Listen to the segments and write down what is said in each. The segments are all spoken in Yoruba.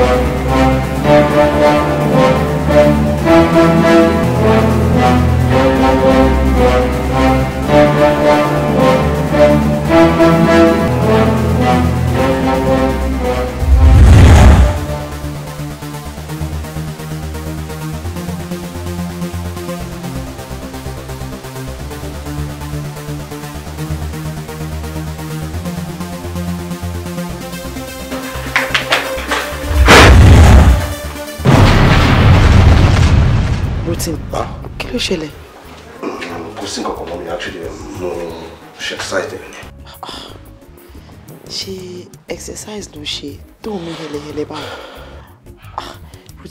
Thank you.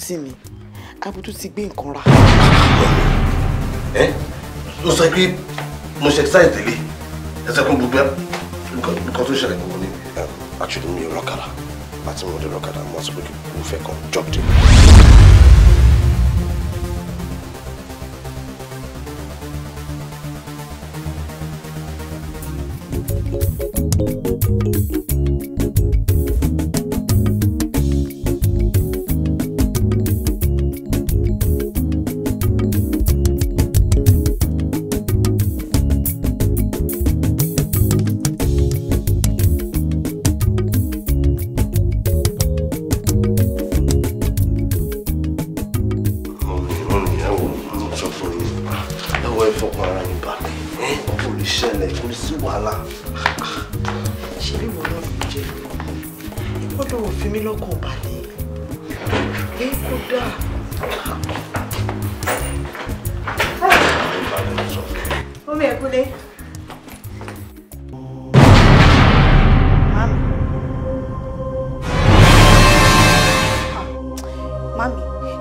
àǹtí mi abudu ti gbé nǹkan rà. ẹ ló sọ pé mo ṣe ṣáì tẹ̀lé ẹsẹ̀ kún gbogbo nǹkan tó ṣẹlẹ̀ gbogbo ni. àtúndì mi ò rọkàlà láti mọ̀ọ́dé rọkàlà mo sọ pé kí n fẹ́ kàn jọ́ọ̀dì.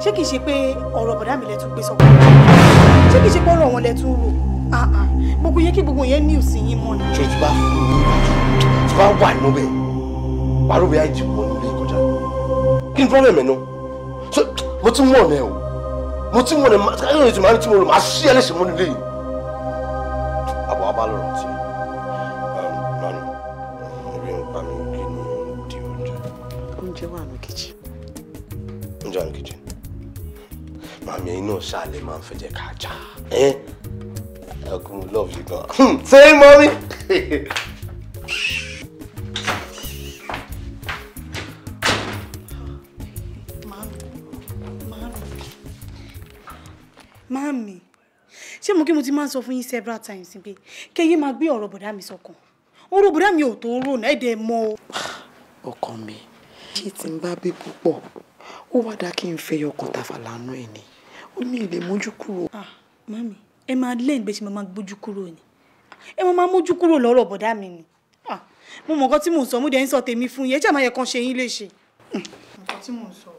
ṣé kìí ṣe pé ọ̀rọ̀ bọ̀dá mi lẹ tún gbé sọ́kọ́ ṣé kìí ṣe pé ọ̀rọ̀ wọn lẹ tún rò gbogbo yẹn kí gbogbo yẹn ní òsì yín mọ́ ni. ṣé tí bá fún un tí bá wà nínú bẹ́ẹ̀ pàrọ̀ bí àìjì wọn nílé kọjá kí n problem ẹ̀ náà so mo ti mọ̀ ọ̀nà o mo ti mọ̀ ọ̀nà ẹ̀ máa ń tí mo rò máa ṣí ẹ léṣe mọ́ nílé yìí ṣáà lè máa ń fẹ̀jẹ̀ kájà ẹ́ ọkùnrin lọ́ọ̀lì gan-an hmm, ṣé mọ́mí. Mami, ṣé mo kí mo ti máa sọ fún yín several times pé kẹ́yìn máa gbé ọ̀rọ̀ bọ̀dá mi sọ́kàn. Ọ̀rọ̀ bọ̀dá mi ò tó ń rònà ẹ̀dẹ̀ mọ́ o. Ọkàn mi, ṣé tí ń bá bí púpọ̀, ó wá dá kí n fẹ́ yọkàn tàfàlà nú ẹ̀ ni ó ní ilé mójú kúrò. ah mami ẹ máa lẹ́yìn gbé ṣe máa máa gbójú kúrò ni ẹ máa máa mójú kúrò lọ́rọ̀ bọ̀dá mi ni ah mo mọ̀ nǹkan tí mò ń sọ mo dẹ̀ ń sọ tèmi fún yẹn ẹ jẹ́ àmọ́ yẹ kan ṣe yín léṣe. nǹkan tí mò ń sọ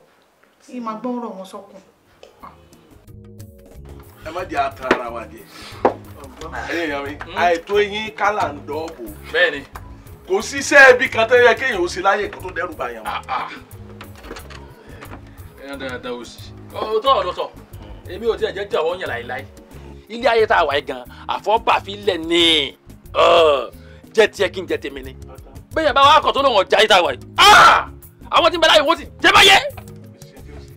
yìí máa gbọ́ ọ̀rọ̀ wọn sọ́kùn. ẹ má jẹ́ ata ara wa jẹ ẹ̀yìn ìyá mi àìtó eyín kálà ń dọ́ọ̀bù. bẹ́ẹ̀ni kò síṣẹ́ ibi kan tó yẹ kéèyàn ó sì láyè kó tó dẹ́rù bàyàn. Ah, ah. ẹ̀yàn dáadáa ó sì. ọ̀tọ̀ ọ̀dọ̀tọ̀ èmi ò tiẹ̀ jẹ́ jọ̀wọ́ yẹn láìláì ilé ayé tá a wà yìí gan àfọ́bàfi lẹ̀ ní jẹ́ tiẹ̀ kí n jẹ́ tèmi ni bẹ́ẹ̀ bá wà kọ̀ tó lóun ọjà yìí tá a wà yìí ah! àwọn tí ń bẹ láyé wọ́n ti jẹ́ báyẹ́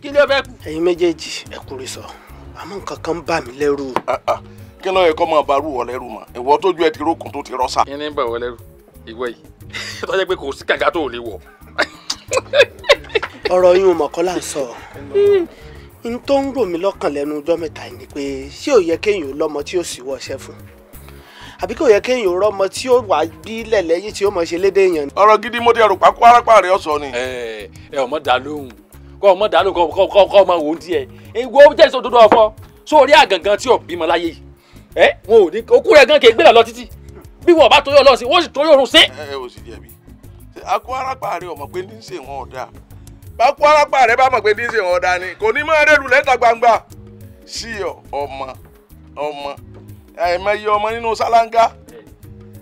kí ló fẹ́ kú. ẹ̀yin méjèèjì ẹ kúrè sọ àmọ́ nǹkan kan bà mí lẹ́rù. Ah, ah. kí ló yẹ kó máa bá rú wọ lẹ́rù mọ́ ìwọ tójú ẹ ti rókun tó ti rọ́ṣà. kí ni bà wọ lẹ́rù ìwọ yìí tó jẹ́ pé kò sí kàga tó lè wọ̀. ọ̀rọ̀ yín ò mọ̀kọ́ sọ n tó ń rò mí lọ́kàn lẹ́nu ọjọ́ mẹ́ta ni pé ṣé ò yẹ kéèyàn ó lọ́mọ tí ó sì wọṣẹ́ fún àbí kò yẹ kéèyàn rọ́mọ tí ó wà bílẹ̀ lẹ́yìn tí ó mọ̀ ṣe lédè èèyàn. ọ̀rọ̀ gidi mo ti ẹ̀rù pákó arápá rẹ̀ ọ̀sọ̀ ni. ẹ ẹ ọmọ dà lóhùn kọ ọmọ dà lóhùn kọ kọ kọ ọmọ òun tiẹ̀ ìwọ jẹ́ ìṣòdodo ọ̀fọ́ sórí àgàngàn tí ò bímọ láyé yìí ẹ wọn ò ní okú rẹ̀ gan kì í gbéra lọ títí bí wọn bá torí ọlọ́sìn wọ́n sì torí òrùn sí. ẹ ẹ o sì jẹ̀bi àkó arápá rẹ̀ ọmọ pé ní í ṣe wọn ọ̀dà bá kú arápá rẹ bá mọ̀ pé ní í ṣe wọn dání kò ní mọ́ ẹrẹ́rù lẹ́ta gbangba sí ọ ọmọ ọmọ àìmọye ọmọ nínú ṣáláńgá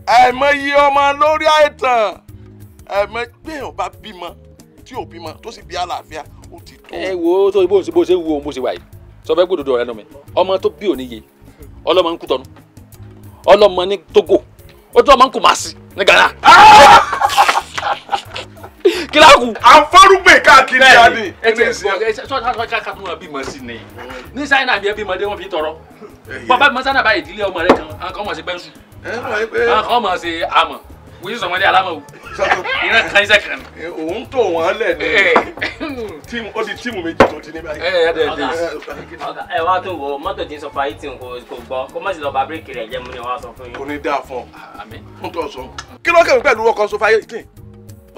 àìmọye ọmọ lórí àìtàn àìmọ gbẹ̀yàn bá bímọ tí ò bímọ tó sì bí àlàáfíà ó ti tó. ẹ wo tó bó ṣe bó ṣe wo bó ṣe wà yìí sọ fẹ́ gbódòdó ọ̀rẹ́ nu mi ọmọ tó bí òní ye ọlọ́mọ ń kú tọ́nu ọlọ́mọ ní Togo ó tún ọmọ ń kú màá sí ní Ghana. Ah! kíláàkù. àfọrúgbè káàkiri jáde. ẹ ti sọ ká tó máa bímọ sí ni ní sáyẹnà àbí ẹbí mọdé wọn fi tọrọ bàbá mọsánà bá ìdílé ọmọ rẹ kan àwọn kan mọ sí bẹnsù àwọn kan mọ sí amọ wọ́n yóò sọ wọn ní alámọ̀ o ìran kan iṣẹ́ kan. òun tó wọn lẹ ní ó di tíìmù méjì tó ti ní báyìí. ọ̀gá ẹ wá tó wọ mọ́tò tí ń sọ fún ayé tí n kò gbọ́ kó má sì lọ́ọ́ bá bíríkì rẹ̀ jẹ́ mu ni wọ́n á sọ fún yín. kò ní dáa fún ọ. àmín. ń kí ló kẹ́mi pẹ̀lú ọkọ̀ sọ fún ayé tí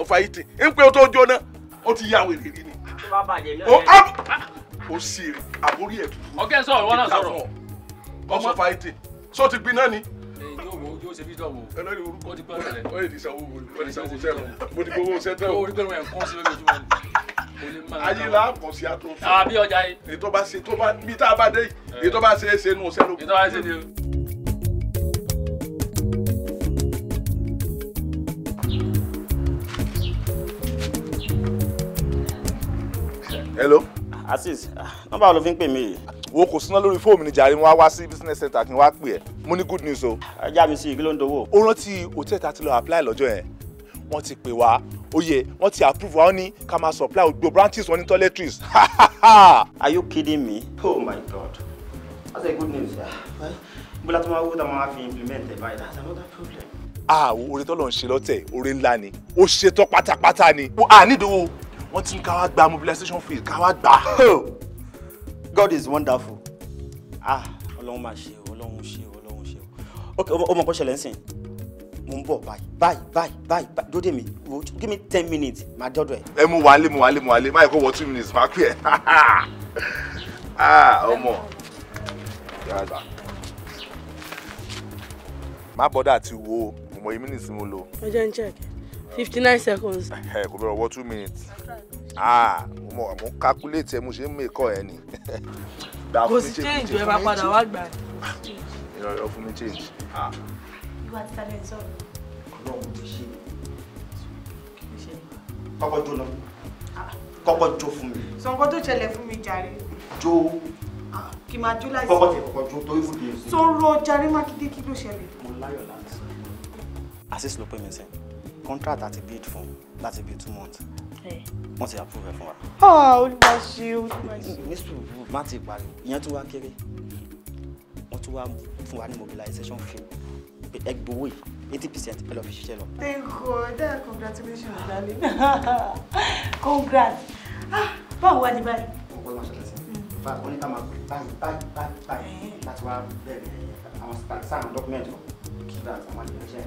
ó fa ìtì ń pé ó tó jóná ó ti yá wèrè rí ni. ó á ó sì àbórí ẹ̀ tuntun. ọ̀gá ẹ̀ sọ̀rọ̀ wọn náà sọ̀rọ̀. ọmọ fa ìtì sọ ti gbiná ni. yóò ṣe bí dọ̀wọ̀ ẹlẹ́rìí orúkọ ó ti pẹ́ rẹ̀. ó yẹ ni. ayé ah, bá ṣe tó bá bí tá a bá dé yìí ètò bá ṣe é ṣe nù sẹ́nu. hello. asis nọ́mbà ló fi ń pè mí yìí. wo kò síná lórí fóònù ní jàre mo wá wá sí business center kí n wá pè ẹ́ mo ní good news o. ajá mi sí i kí ló ń dowó. ó rántí òtẹ́ ta ti lọ apply lọ́jọ́ yẹn wọ́n ti pè wá oyè wọ́n ti approve wa wọ́n ní ká máa supply gbogbo branches wọn ní toiletries. are you kidding me? oh my god that's a good news. bóla tó máa wó tá a máa fi implement ẹ̀ báyìí that's another problem. àwọn orin tó lọ ń ṣe lọ́tẹ̀ orin ńlá ni ó ṣetán pátápátá ni ó à nídòwó wọ́n ti ní ká wá gba mobilization fee ká wá gbà. God is wonderful. ah ọlọ́run máa ṣe o ọlọ́run ṣe o ọlọ́run ṣe o ok ọmọ kan ṣẹlẹ̀ ń sìn mo ń bọ̀ báyìí báyìí báyìí báyìí dóde mi give me ten minutes máa dọ́dọ̀ ẹ̀. ẹ mú wálé mú wálé mú wálé má yẹ wọ two minutes máa pè Ah, ọmọ yàrá. má bọ́dà ti wo mo mọ yìí minutes mo lò. ẹ jẹ́ ń check fifty nine seconds. ẹ kò bẹ̀rẹ̀ ọwọ́ two minutes ah mo mo calculate ẹ mo ṣe ń mèkọ ẹ ni. kò sí change ẹ bá padà wá gbà. ìrọ̀lẹ́ fún mi change. ìwà ti ta lẹ́yìn sọ̀rọ̀. ọlọ́run ti ṣe kọ́kọ́ jó lọ kọ́kọ́ jó fún mi. sọ̀nkọ́ tó ṣẹlẹ̀ fún mi jàre. jó ah, kì máa jó láìsí. kọ́kọ́ tẹ kọ́kọ́ jó torí fún mi. sọ̀rọ̀ jàre mákindé kí ló ṣẹlẹ̀. mo láyọ̀ láti sọ. assist ló pè mí sẹ́yìn contract àti bid fún láti bíi two months eh. wọ́n ti approve ẹ̀ fún wa. olùwà ṣe olùwà ṣe. nísù má ti parí ìyẹn tún wá kéré wọ́n tún wá fún wa ní mobilization fee ẹgbowó yìí eighty percent ẹ lọ fi ṣiṣẹ́ lọ. thank you dad congratulations ah. darling congrats ah, báwo wá ní báyìí. ọ̀pọ̀ ló ń ṣẹlẹ̀ sí i báyìí wọ́n ní ká máa pè báyìí báyìí báyìí báyìí láti wá bẹ̀rẹ̀ àwọn sáà dọ́kúmẹ̀ntì kí bá àwọn àlejò ṣe é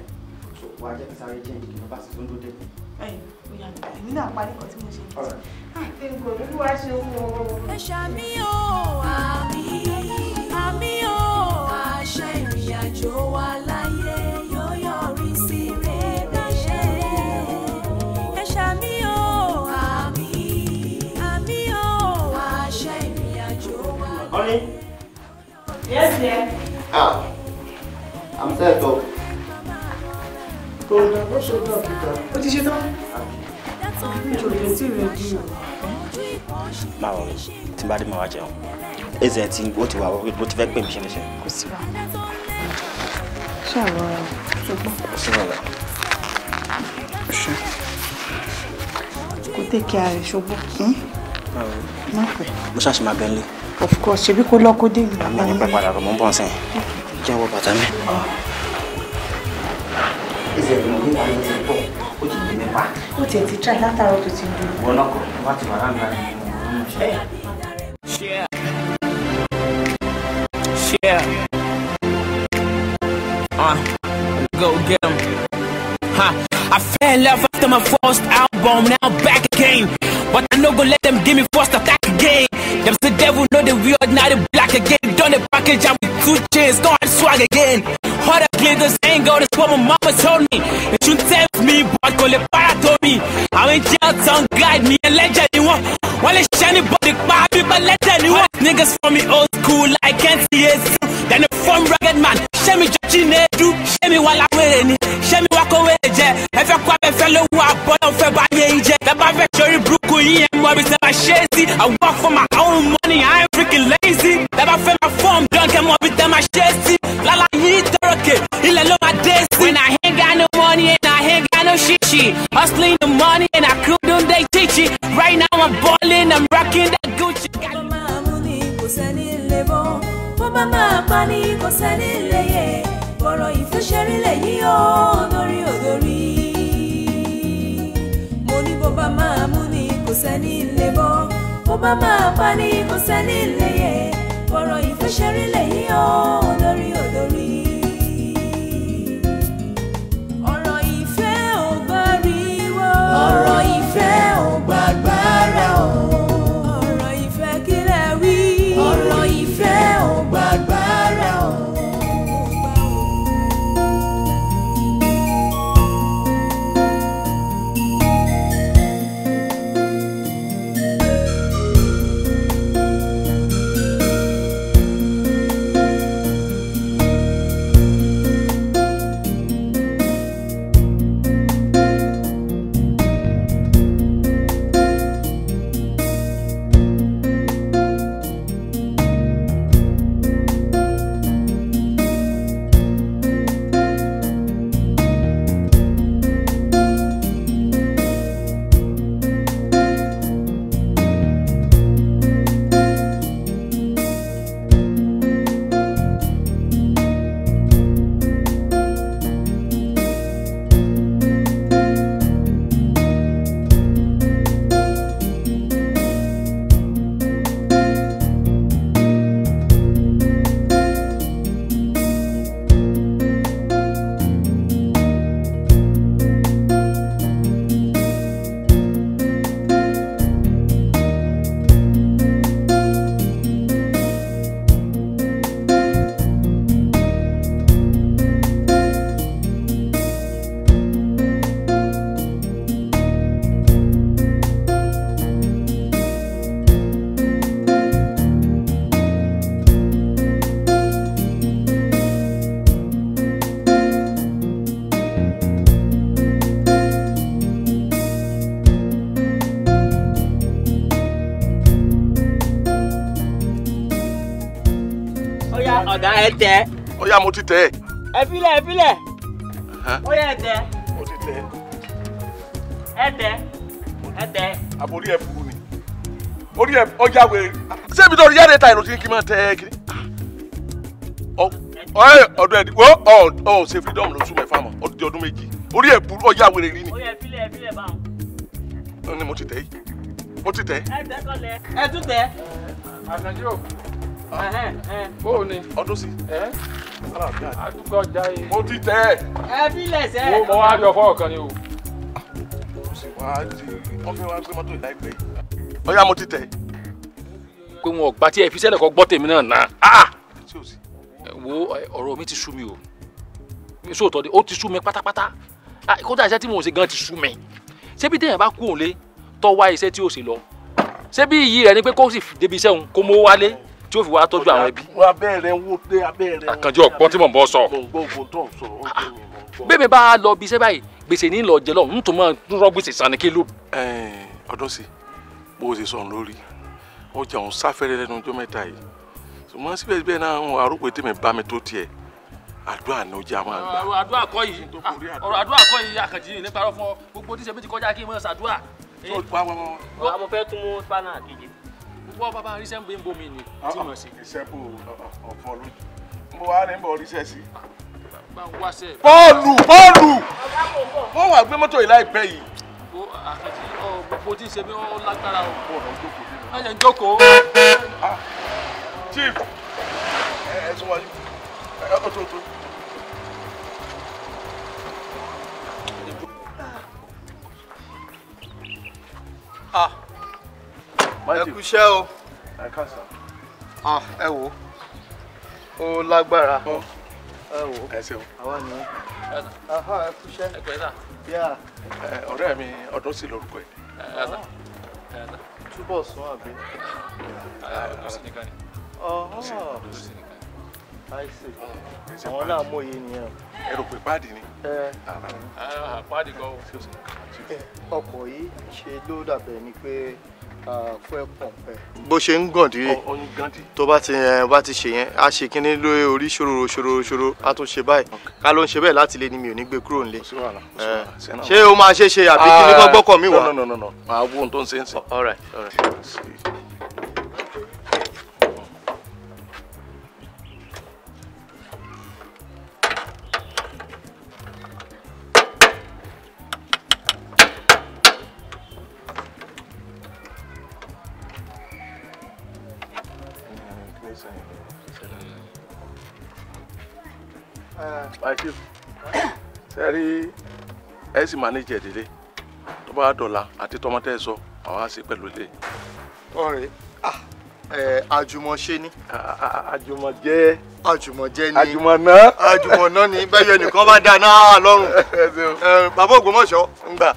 wà á jẹ́ kí sáré jẹ́ ìdìbò bá sì tó ń èmi náà parí kan tí mo ṣe kí ṣe ń gbòòrò wàá ṣe ń wọ. ẹ ṣàmì o àmì àmì o àṣà ìrìnàjò wa láyé yóò yọrí sí rere. ẹ ṣàmì o àmì àmì o àṣà ìrìnàjò wa. ọ̀rẹ́ yẹ́sì ẹ. ah i'm set o ó ṣe tán kíkà. ó ti ṣe tán. nítorí etí rẹ dì o. máa wọ tí n bá dé máa wá jẹun eze ti ó ti wà wọ́n bó ti fẹ́ pè mí ṣe ní wa ṣe àwọn ṣùgbọ́n. kò sí wàhálà. kò tẹ́kẹ̀ ààrẹ ṣùgbọ́n. má mo ṣáà ṣe máa bẹ́ńlẹ̀. of course ṣebí kó lọ́kọ́ dé mi. àmọ́ ní pẹ́ padà rọ̀ mọ́ bọ́ọ̀sẹ̀ yẹn jẹ́ wọ bàtà mi. Ah. ẹsẹ̀ rẹ̀ nígbà tó ah, go get him. I fell in love after my first album, now back again. But I am gonna let them give me first attack again. Them the devil know the weird, now the black again. Done the package, I'm with two chains, don't swag again. All the glitters ain't gold, that's what my mama told me. It should tell me, but call it fire told me. I went jail, tongue guide me and legend you want. While it's shiny, but the fire people let anyone. Niggas from me old school, I can't see it. Then the form rugged man, show me, judging it, do. show me while I'm wearing it. me, walk away, yeah. If I quite a fellow, I'm born, I'm fair by age, yeah. That my victory. Queen and Morris and I work for my own money, I ain't freaking lazy. That I fell from dunk and Morris and my chassis. La lo my destiny. When I ain't got no money and I ain't got no shit shit. Hustling the money and I couldn't they teach it. Right now I'm balling, I'm rocking that Gucci. Bàbá máa pa ní kò sẹ́ni lè yẹ, bọ̀rọ̀ ìfẹ́ ṣẹ́rí yí ọ̀nà. sẹ́ni lè bọ́ bó bá máa pa ni kò sẹ́ni lè yẹ ọ̀rọ̀ ìfẹ́ ṣẹ́rí lè yí ọ́ olórí olórí. ọ̀rọ̀ ìfẹ́ ò gbọ́ rí wọ́. ọ̀rọ̀ ìfẹ́. ẹ tẹ. ó yá mo ti tẹ. ẹ filẹ̀ ẹ filẹ̀. ó yá ẹ tẹ. mo ti tẹ. ẹ tẹ. àbórí ẹ furu ni orí ẹ ọjà wèrè. sẹ́mi tó rí yára ta ìròyìn kí n máa tẹ kiri. ọdọ ẹdí wo ọ ọ ṣe freedom ló súnmọ́ ẹ fáwọn ọdún di ọdún méjì orí ẹ burú ọjà wèrè rí ni. ó yá ẹ filẹ̀ ẹ filẹ̀ báwọn. ó ní mo ti tẹ yìí mo ti tẹ. ẹ tẹ kọlẹ. ẹ tún tẹ. àtàjọ bóò ni ọdún sí. àdúgbò jayé. mo ti tẹ. ẹ bí lẹsẹ. wo mo wá yọ fọ́ọ̀kan ni o. mo sì wá di ọfẹ wa gbé mọ́tò ìláìpẹ́ ọyá mo ti tẹ. pé wọn ò gbà tí ẹ fi sẹ́lẹ̀ kọ́ gbọ́ tèmi náà náà. Ah! wo ọ̀rọ̀ mi ti sú mi o sóòótọ́ de ó ti sú mi pátápátá kódà iṣẹ́ tí mo ṣe gan ti sú mi ṣebí téèyàn bá kú òun lé tọ́ wá iṣẹ́ tí ó ṣe lọ ṣebí iyì rẹ ni pé kó sì débi iṣẹ́ òun kó mọ́ wálé tí ó fi wá tọ́jú àwọn ẹbí. abẹ́rẹ́ wo dé abẹ́rẹ́. àkànjọ ọ̀pọ̀ tí mò ń bọ́ sọ. bẹ́ẹ̀ mi bá lọ bí iṣẹ́ báyìí gbèsè ní lọ jẹ lọ n tó máa rọ gbèsè sani kí ló. ọdún sí bó o ṣe sọ̀rọ̀ lórí ọjà òun sáfẹ́rẹ́ lẹ́nu ọjọ́ mẹ́ta yìí ṣùgbọ́n síbẹ̀síbẹ̀ náà àwọn arúgbó tèmi bá mi tó tiẹ̀ àdúrà ni ojú àwọn àgbà. ọ̀rọ̀ àdúrà kọ́ yìí àkànjì nípa ọ̀rọ̀ fún ọ gbogbo tíṣe kọjá kí n mọ̀ ṣàdúrà. wàá mo fẹ́ tún mú spanner kejì wọ́n bàbá oríṣẹ́ ń gbé bomi ni ah, tí mo ah, sì. iṣẹ́ bò ọ̀fọ̀ lójú mo wá ní bọ̀ oríṣẹ́ sí. bọ́ọ̀lù bọ́ọ̀lù wọ́n wà gbé mọ́tò yìí láìpẹ́ yìí. o àkàtì ọ gbogbo tí ń ṣe mí ó lágbára o. bọ́ọ̀lù ń jókòó nínú. ń jókòó. chief ẹ ẹ wájú ẹ tó tó. ah ẹ kú iṣẹ́ o ẹ wò o lágbára ẹ wò ó ẹ ṣeun àwa ni ẹ kú iṣẹ́ ẹ pẹ́ náà. ọ̀rẹ́ mi ọdún sí lórúkọ ẹ̀ túbọ̀ sún àbí. ọdún sí nìkan ni. ọdún sí nìkan àìsè àwọn náà mọ iye nìyẹn. ẹ rò pé páàdì ni. páàdì kan o. ọkọ̀ yìí ṣe ló dàbẹ̀ ni pé bó ṣe ń gàn dìre tó bá ti bá ti ṣe yẹn a ṣe kínní lórí orí ṣòro ṣòro ṣòro a tún ṣe báyìí ká ló ń ṣe bẹ́ẹ̀ láti lé ni mi ò ní gbé kúrò nílé ṣé o máa ṣe ṣe àbí ah, kí ni kọ́ mi wá. máa wo ohun tó ń ṣe ń sìn. sì manage ẹ̀ délé tó bá dọ̀la àti tọmọtẹ́ ẹ sọ àwa á ṣe pẹ̀lú ilé. ọ̀rẹ́ àjùmọ̀ṣe ni. àjùmọ̀jẹ́. àjùmọ̀jẹ́ ni. àjùmọ̀ná. àjùmọ̀ná ni bẹ́ẹ̀ yọ nìkan bá dáná lọ́rùn. bàbá Ògbómọ̀ṣọ́ ń gbà.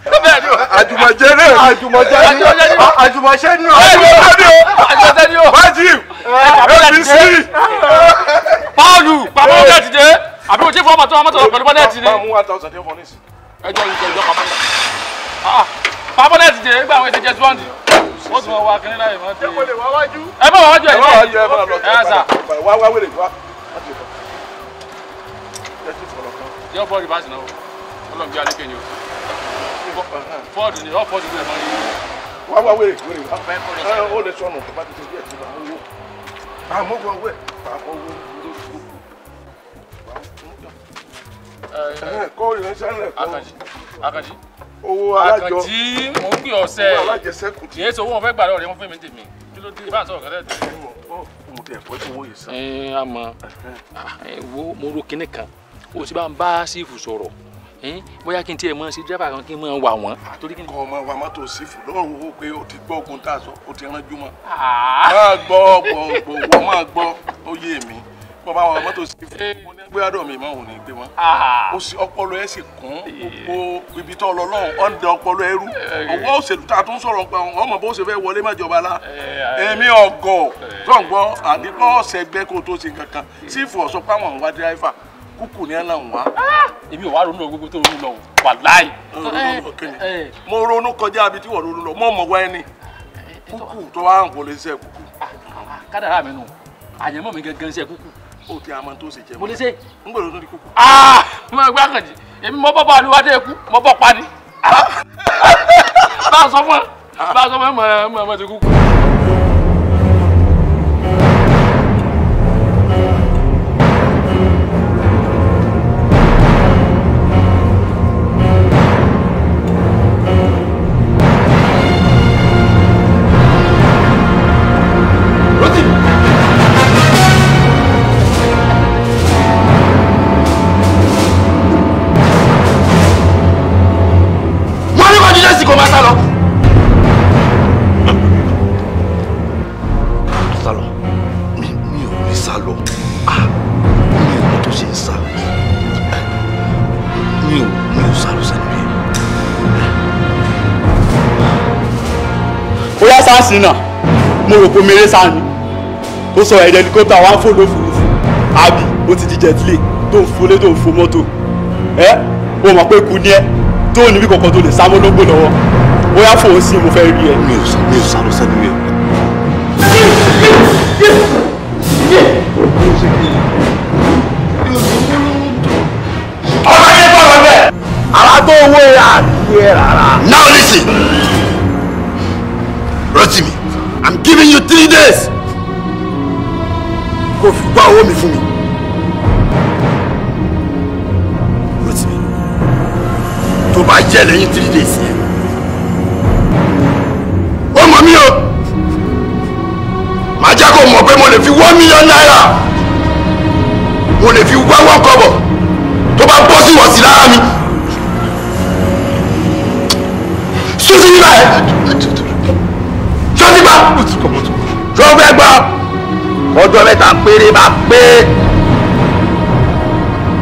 àjùmọ̀jẹ́ ni. àjùmọ̀jẹ́ ni. àjùmọ̀ṣe ni. àjùmọ̀ṣe ni. àjùmọ̀ṣe ni. bájì abc. paulu bàbá òjò ti dé àbí òjò fún ọmọ tó wà mọ́tò pẹ̀lú bọ́lẹ́ẹ̀tì ni. bá a mú one thousand ten for this ẹjọ́ ìjọ ìjọ pàpọ́nà. pàpọ́nà ti jẹ́ gbà àwọn ẹ̀sìn jẹ́ tíwọ́ǹdì wọ́n tún wá kínní láyé mọ́ ti. ẹ bọ̀ wá wájú ẹ bọ̀ wá wájú ẹ bọ̀ wá wá wèrè wá. yọ fọ́ọ̀dù bá sì náà ọlọ́run bí alékè ni o fọ́ọ̀dù ni ọ fọ́ọ̀dù bí ẹ máa yí. wá wá wèrè wèrè wá ó lè sọnù bá ti ṣe díẹ̀ sí i. àmọ́ wọ́n wẹ̀ pàápọ̀ wọ́n. kó yẹn sálẹ̀ kó. Àkànjí Àkànjí. owó alájọ Àkànjí mò ń gbé ọ̀sẹ̀ kì mi tèmi kí ló dé bá a sọ̀rọ̀ kẹ́tẹ́ tèmi. mo tẹ̀ ẹ̀kọ́ tí owó yìí sàn. ẹ á wo mo ro kinní kan o ti bá ń bá sífù sọ̀rọ̀ bóyá kí n tiẹ̀ mọ sí dírẹ́fà kan kí n mọ wà wọ́n. Ah, torí kí n kọ́ ọmọ wa mọ́tò sífù wo pé o ti gbọ́ ogun tá a o ti ránjú mọ́. Ah. máa gbọ́ gbọ́ gbọ́ wọ́n máa gbọ́ ó yé mi pọ̀ máa wọn mọ́tò sí mo ní gbé àdọ̀ mi mọ́ òun ní gbé wọn. Ah. ó sì ọpọlọ ẹ sì kún gbogbo ibi tó lọ lọ́hùn ọ̀n dẹ ọpọlọ ẹrú eh. ọwọ́ òṣèlú tá a tún sọ̀rọ̀ pa wọn ọmọ bó ṣe fẹ́ wọlé májọba la eh, èmi eh. ọ̀gọ̀ tọ̀gbọ́ àdìgbọ́ ọ̀sẹ̀ gbẹ́ kó tó ṣe kankan sí ìfọ̀ sọ pé àwọn òǹwà dírẹ́fà kúkú ni ẹ náà ah! èmi ò wá ronú gbogbo tó ronú lọ wàláì. mo ronú kọjá abi tí wọ́n ronú lọ mọ́ ọmọ wa ẹni kúkú tó wá ń wọlé iṣẹ́ kúkú. Ah, kádàrá mi nù àyẹ̀mọ́ mi gẹ́gẹ́ iṣẹ́ kúkú o ti àmọ́ tó ṣe jẹ mọ́. mo lè ṣe. n gbọ́dọ̀ tó di kúkú. Ah, mo gbá kànjí èmi mo bọ́ bá olúwadé kú mo bọ́ pa ni. bá a sọ fún ẹ bá a sọ fún ẹ mọ̀ ẹ mọ̀ ẹ mọ̀ ti kúkú. bá sìn náà mo rò pé mèrè sáà ni tó sọ ẹ̀rẹ́ ẹlikọ́pítà wá ń fò lófurufú àbí ó ti di jẹ̀tílé tó ń folé tó ń fo mọ́tò ẹ o mọ̀ pé kú ni ẹ tó níbi kọ̀ọ̀kan tó lè sá mọ́lógbò lọ́wọ́ bóyá fòun sí mo fẹ́ rí ẹ. mi ò sá mi ò sá lọ sẹ́nu rẹ̀. ọ̀rọ̀ yẹn bọ̀ lọ́bẹ̀. àrà tó owó ẹ̀ àti ẹ̀ rárá. now listen. Rotimi I'm giving you three days kò fi gbá owó mi fún mi. Rotimi tó bá jẹ́ lẹ́yìn three days yẹn ó mọ̀ mí o màá jẹ́ kó mọ̀ pé mo lè fi one million naira mo lè fi wá one kọ́bọ̀ tó bá bọ́ sí wọ̀sí lára mi. sófin nígbà yẹn gbọ́ tó fẹ́ gbọ́ ọjọ́ mẹ́ta péré bá pé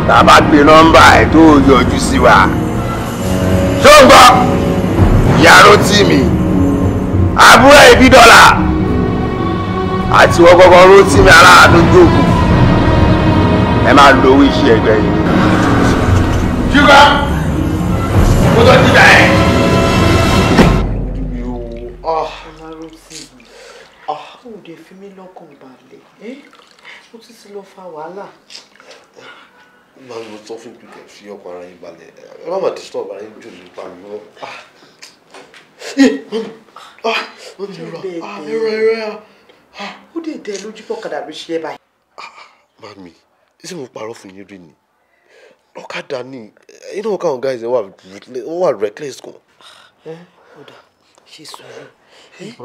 tá a bá gbé nọ́mbà ẹ̀ tó yọjú sí wa tó ń gbọ́ yàrá tì mí àbúrò ìbí dọ́là àti wọ́n gbọ́gbọ́ ró tì mí aláàánú jókòó ẹ máa lo owó iṣẹ́ ẹgbẹ́ yìí. ṣùgbọ́n mo tọ́ ti bẹ̀rẹ̀. ó máa ń lọ sọ fún pípẹ́ ah ọkọ̀ ah yín balẹ̀ ẹ ah eh! má disturb ah yín jù nípa mi lọ. ó dé dẹ lójú ah ló ṣe é báyìí. Ah! mami ṣé mo parọ́ fún yín rí ni ọ̀kadà ni inú ọ̀kadà ọ̀gá ẹ̀ wà reckless gan. Ah! ó dà she's sùúrù ìwọ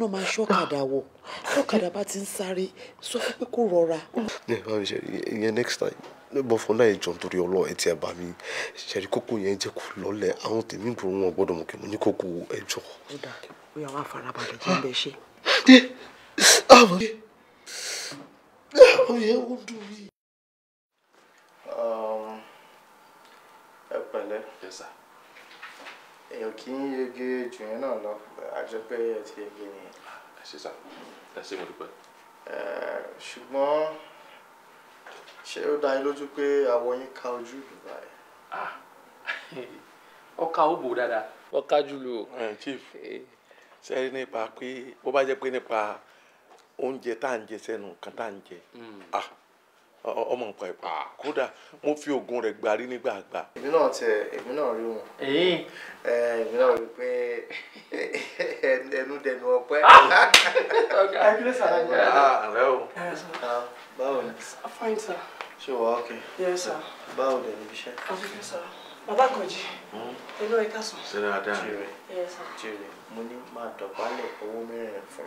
náà máa ṣọ́kadà wọ̀ ṣọ́kadà bá ti ń sáré sọ pé kó rọra. ìyẹn next time bọ́ fún láì jọ nítorí ọlọ́ ẹ̀ tí ẹ bá mi ṣẹ̀rí kókó yẹn jẹ́ kó lọ́lẹ̀ àwọn tèmi bò wọ́n gbọ́dọ̀ mọ̀ kí mo ní kókó ẹjọ́. ó dà ó yà wá farabalẹ̀ jẹ́ ń bẹ ṣe. àwọn yẹn ah, ah, ó dùn mí. Um, ẹ pẹ̀lẹ́ èèyàn kì í yege jù yẹn náà lọ àjọ pé ẹ ti yege nìyẹn. ẹ ṣe sá ẹ ṣe mo dúpẹ́. ṣùgbọ́n ṣé ó dá yín lójú pé àwọ̀ yín ka ojú ìlú báyìí. ọkà ah, ó bò dáadáa wọ́n ká jù lù o. chief ṣe é nípa pé bó bá jẹ́ pé nípa oúnjẹ tá à ń jẹ sẹ́nu kan tá à ń jẹ hmm. ah, ọmọ nǹkan ẹ̀pà ah. kódà mo fi oògùn rẹ̀ gbarí nígbà àgbà. èmi náà tẹ èmi náà rí wọn. èmi náà rí pé ẹnu dẹnu ọpẹ. ọgá ẹgbẹ́ ah, ah o. Ah, báwo ni. fine sir. ṣé ok. yes sir. báwo dẹ̀ níbi iṣẹ́. bàbá kọjí. inú sùn. jèrè jèrè mo ní máa owó mẹ́rin fún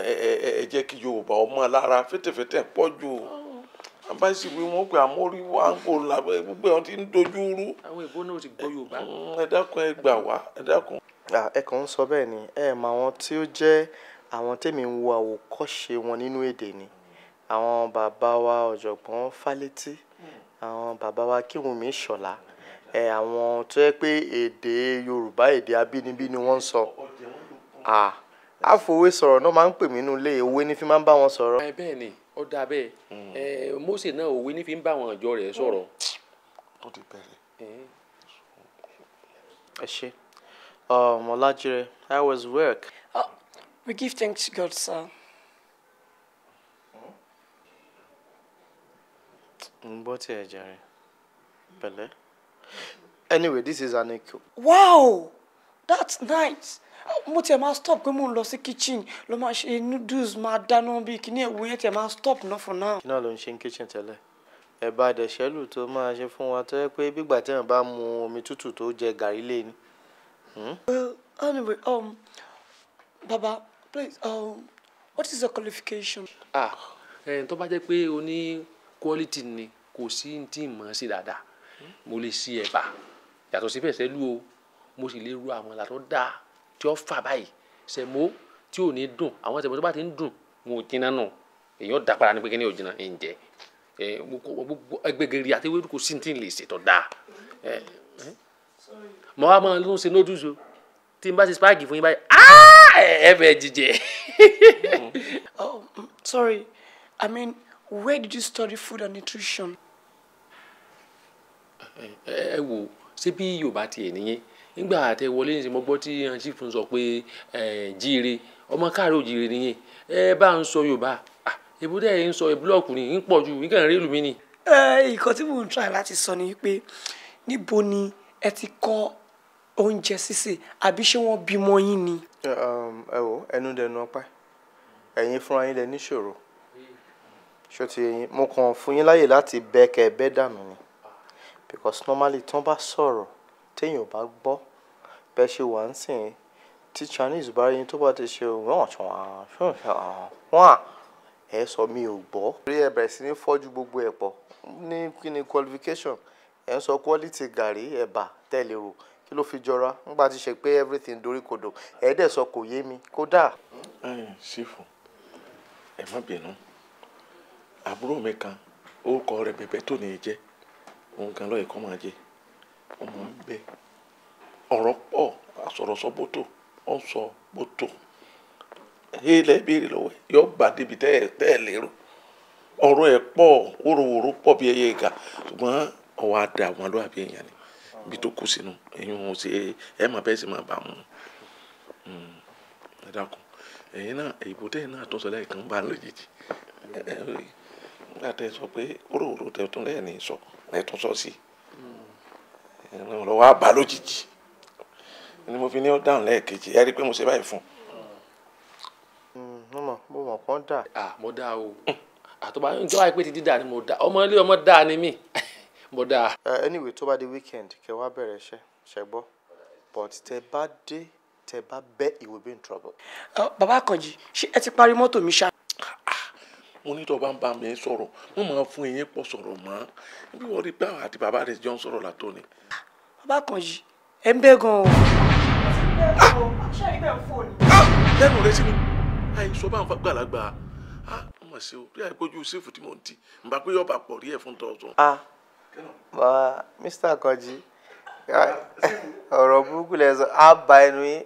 ẹ jẹ́ kí yorùbá ọmọ lára fètèfètè pọ̀ jù abáyísí wí wọn pé àmórí wa ń kó la gbogbo ẹ̀hún ti ń dojú rú. àwọn ìbò náà ti gbọ́ yorùbá. ẹ dákun ẹ gbà wá ẹ dákun. ẹ kàn ń sọ bẹ́ẹ̀ ni ẹ mọ àwọn tí ó jẹ́ àwọn tèmi ń wo àwòkọ́ṣe wọn nínú èdè ni àwọn bàbá wa ọ̀jọ̀gbọ́n fálétí àwọn bàbá wa kíwùmí ṣọ̀lá ẹ àwọn tó yẹ pé èdè yorùbá èdè abínibí ni wọ́n ń sọ àfòwe sọ̀rọ̀ náà máa ń pè mí nínú ilé òwe ní fi máa ń bá wọn sọ̀rọ̀. ẹ bẹ́ẹ̀ ni ó dáa bẹ́ẹ̀ hmm. ẹ Mósè náà òwe ní fi ń bá àwọn ìjọ rẹ̀ sọ̀rọ̀. ó ti bẹ̀rẹ̀. ẹ ṣe um, Ọlájírẹ how was work. Oh, we give thanks to God sir. n gbọ́ tí ẹ jẹrin pẹ̀lẹ́ anyway this is an wow that's nice mo tiẹ̀ máa stop pé mo ń lọ sí kitchen lọ máa ṣe noodles máa dáná bíi kíní ẹ̀wù yẹn tiẹ̀ máa stop náà for now. kí náà ló ń ṣe ní kitchen tẹ́lẹ̀ ẹ̀bà àdẹ̀ṣẹ́lù tó máa ṣe fún wa tó yẹ pé bígbà téèyàn bá mu omi tútù tó jẹ gàrí lé ni. Hmm? well anyway um, baba please um, what is your qualification. ah ẹ̀ tó bá jẹ́ pé o ní quality ni kò sí tí ì mọ̀ ọ́ sí dáadáa mo lè ṣe ẹ̀bà yàtọ̀ sí fẹ̀sẹ̀ lù o mo sì lè ru àmàlà tó dáa tí ó fà báyìí sẹ̀mó tí ò ní dùn àwọn sẹ̀mó tó bá ti ń dùn wọn ò nù èèyàn dà padà ní pé kí ni ò jiná ẹ̀ ń jẹ ẹgbẹ̀gẹ̀rì àti ewédú kò sí ti lè ṣètò dáa mo wá máa ló ń ṣe lójú so tí n bá ṣe spáàgì fún yín báyìí ẹ fẹ́ jíjẹ. Oh, mm, sorry i mean where did you study food and nutrition. ẹ wo ṣé bí yorùbá tiẹ̀ nìyẹn nígbà tẹ wọlé ní mo gbọ́ tí chief ń sọ pé jíire ọmọ káàárọ̀ jíire nìyẹn ẹ bá ń sọ yorùbá ìbúdá yìí ń sọ ìbúlọ̀kù ni ń pọ̀ ju nǹkan rí mi ni. ìkan tí mò ń try láti sọ ni pé níbo ni ẹ ti kọ́ oúnjẹ sísè àbí ṣé wọ́n bímọ yín ni. ẹ um, wo ẹnu dẹnu ọpẹ ẹ̀yin fúnra yín lẹ níṣòro ṣó ti mo kàn fún yín láyè láti bẹ kẹ bẹ dànù ni because normally tí wọ́n bá sọ̀rọ̀ téèyàn ò bá gbọ́ bẹ́ ṣe wà ń sìn tí chinese bá rí yín tó bá ti ṣe òun ọ̀tún wọn à ẹ sọ mi ò gbọ́. orí ẹ bẹ̀rẹ̀ sí ní fọ́jú gbogbo ẹ̀ pọ̀ ní kí ni qualification ẹ ń sọ quality gàrí ẹ̀bà tẹ̀lé o kí ló fi jọra nígbà tí ṣe pé everything dorí kodò ẹ dẹ̀ sọ kò yé mi kódà. ẹ ṣífù ẹ má bínú àbúrò mi kan orúkọ rẹ̀ bẹbẹ tó ní í jẹ òun kan lọ́ọ̀ẹ́kọ́ máa jẹ ọmọ ń bẹ́ẹ̀. ọ̀rọ̀pọ̀ asọrọsọ asọ̀rọ̀sọ bótò ọ̀sọ̀ bótó ilẹ̀ ìbéèrè lọ́wọ́ yọ gbà débi tẹ́ ẹ lérò ọ̀rọ̀ ẹ̀ pọ̀ wóróworó pọ̀ bí ẹyẹ ìka ṣùgbọ́n ọwọ́ adé àwọn alóhàbí èèyàn ni ibi tó kù sínú ẹ̀yin ò ṣe bà mú hmm, dákun náà èyíbó náà tó bá lójijì nígbà tẹ́ sọ pé wóróworó tẹ́ tún lẹ́yìn ní sọ ẹ̀ tún sọ sí ni mo fi ní ó dáhùn lẹ́ẹ̀kejì ẹ rí i pé mo ṣe báyìí fún un. Mm, mo mọ̀ mo mọ̀ kán dà. ah mo dá o àtọ́ba ìjọba ìpè ti dídà ni mo dá ọmọ ilé ọmọ dá ni mí mo dá. Eh, anyway tó bá di weekend kẹ wá bẹ̀rẹ̀ iṣẹ́ ṣẹ gbọ́ but tẹ bá dé tẹ bá bẹ́ you will be in trouble. Eh, bàbá àkànjì ṣé ẹ ti parí mọ́tò mi ṣá ah, mo ní tó bá ń bá mi sọ̀rọ̀ mo máa fún eyín pọ̀ sọ̀rọ̀ mọ́ bí wọ́n rí pé àwọn àti bàbá rẹ̀ jọ ń sọ̀rọ̀ látọ́ ni. bàbá kan ẹ ń bẹ́ gan-an lẹ́nu rẹ sí mi àìsàn bá ń fa gbàlagbà á mọ̀ sí o bí àìkójú sífù tí mò ń tì ń bá pé yóò bá pọ̀ rí ẹ̀ Mr. Kọjí ọ̀rọ̀ burúkú lẹ sọ á ba ẹnu yín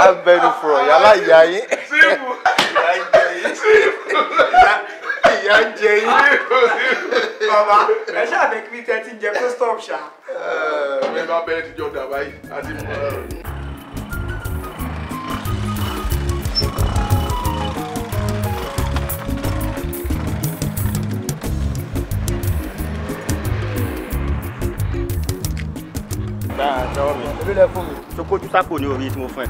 á bẹnu fọ̀rọ̀ yálà ìyá yín ìyá ń jẹ yín. bàbá ẹ ṣáà fẹ́ kí ní tẹ́tí jẹ kó stop ṣá. ẹ bá bẹ́ẹ̀ tíjọ́ dàbá yìí àti mọ̀ ọ́. èló lẹ fún mi. sokoju sápò ní orí tí mo fún ẹ.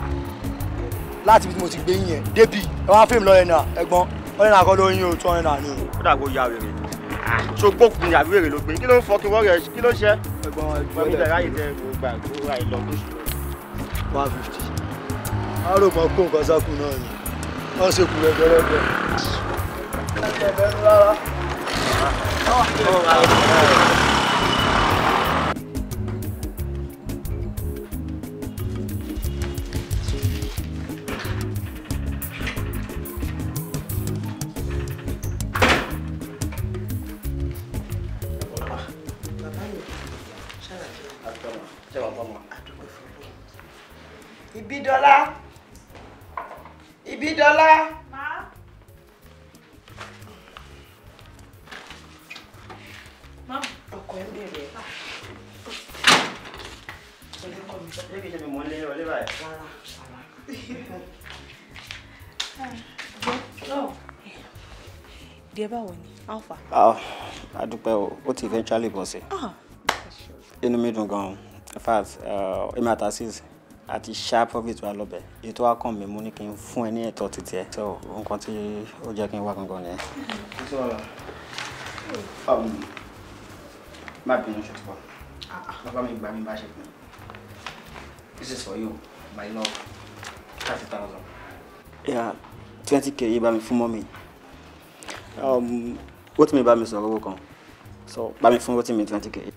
láti ibi tí mo ti gbé yín yẹn débi ẹ wá fíìmù lọ́rẹ̀ náà ẹ̀gbọ́n ọ̀rẹ́ náà kọ́ ló ń yín o two hundred naira ni o. ó dàgbò ya wèrè so gbókùn ni àbí wèrè ló gbé kí ló ń fọ kí wọ́n rẹ̀ kí ló ń ṣe. ẹ̀gbọ́n ẹ̀gbọ́n mi tẹ̀ráyè tẹ gbogbo àgbò àìlọ́ lóṣù. one fifty. a rò mọ kó nǹkan sákù náà ni wọ́n ṣe kù lẹ́gbẹ̀rẹ́gbẹ̀. ẹ̀ẹ́dẹ̀ẹ́dẹ́ rárá. báwo ni alpha. a dúpẹ́ o ó ti eventually bọ̀ sí. Ah. inú mi dùn gan-an in fact emi eh, ata sis àti ṣá profit wa lọ́bẹ̀ ètò akàn mi mú ní kí n fún ẹ ní ẹ̀tọ́ títí ẹ so nǹkan tí ó jẹ́ kí n wá gangan nìyẹn. má bínú ṣùgbọ́n ah, ah. bàbá mi gbà mí bá ṣe pín this is for you my love thirty thousand. twenty k yìí bá mi fún mọ́ mi. What me buy me so owó kan so buy me phone. What me twenty k.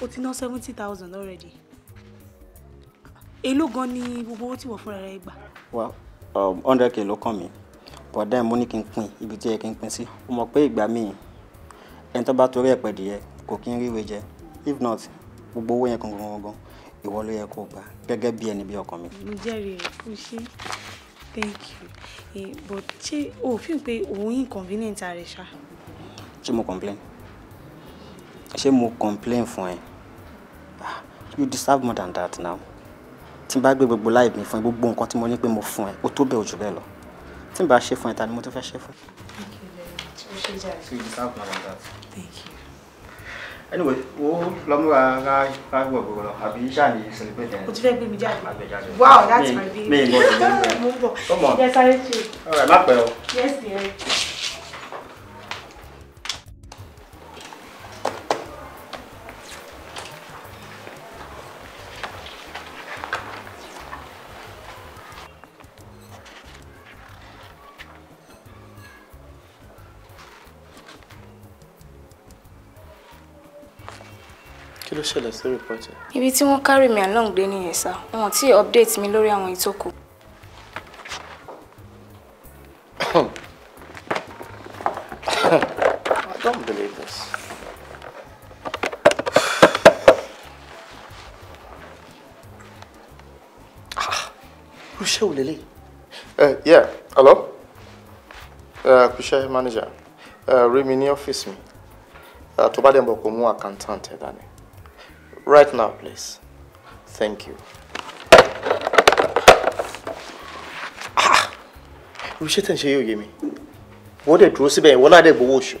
o ti ná seventy thousand already èló gan ni gbogbo owó tí wọ́n fúnra rẹ̀ gbà. well um, hundred k lo kàn but then money ní kí n pín ibi tí yẹ kí n pín sí o mọ̀ pé ìgbà míì ẹni tó bá torí ẹ̀pẹ̀ dìé kò kí n ríwe jẹ if not gbogbo owó yẹn kan gangan ìwọ ló yẹ kó gbà gẹ́gẹ́ bí ẹni bí ọkàn mi. ǹjẹ́ o ṣe thank you eh, but ṣé o fi pé òun inconvenient ara ẹ ṣá. ṣé mo complain ṣé mo complain fún ẹ ah, you deserve more than that now tí n bá gbé gbogbo láì mi fún ẹ gbogbo nǹkan tí mo ní pé mo fún ẹ o tó bẹ́ẹ̀ o jù bẹ́ẹ̀ lọ tí n bá ṣe ta ni mo tún fẹ́ ṣe fún. thank you very much you deserve more than that. thank you anyway wo lọmúra ra ra gbọgbọ lọ àbí ṣáà ní celebrate yẹn. o ti fẹ́ gbé mi jáde. wow that's my baby. mi ì bọ̀ mi ì bọ̀. mo ń yes i do. ọ̀rẹ́ má pẹ́ o. yes yes. ṣẹlẹ̀ sí rìpọ́tì? Ibi tí wọ́n carry me along dé nìyẹn sá. Wọn ti update mi lórí àwọn ìtókù. I don't believe this. Kushe ulele. Uh, yeah, hello? Uh, Kushe manager. Uh, rí mi ní Uh, tó bá dẹ̀ ń bọ̀ kó accountant ẹ̀ Right now, please. Thank you. Ah! Iṣẹ́ tẹ̀ ń ṣe yóò yé mi. Wọ́n dẹ̀ dúró síbẹ̀ yẹn, wọ́n náà dẹ̀ gbowó oṣù.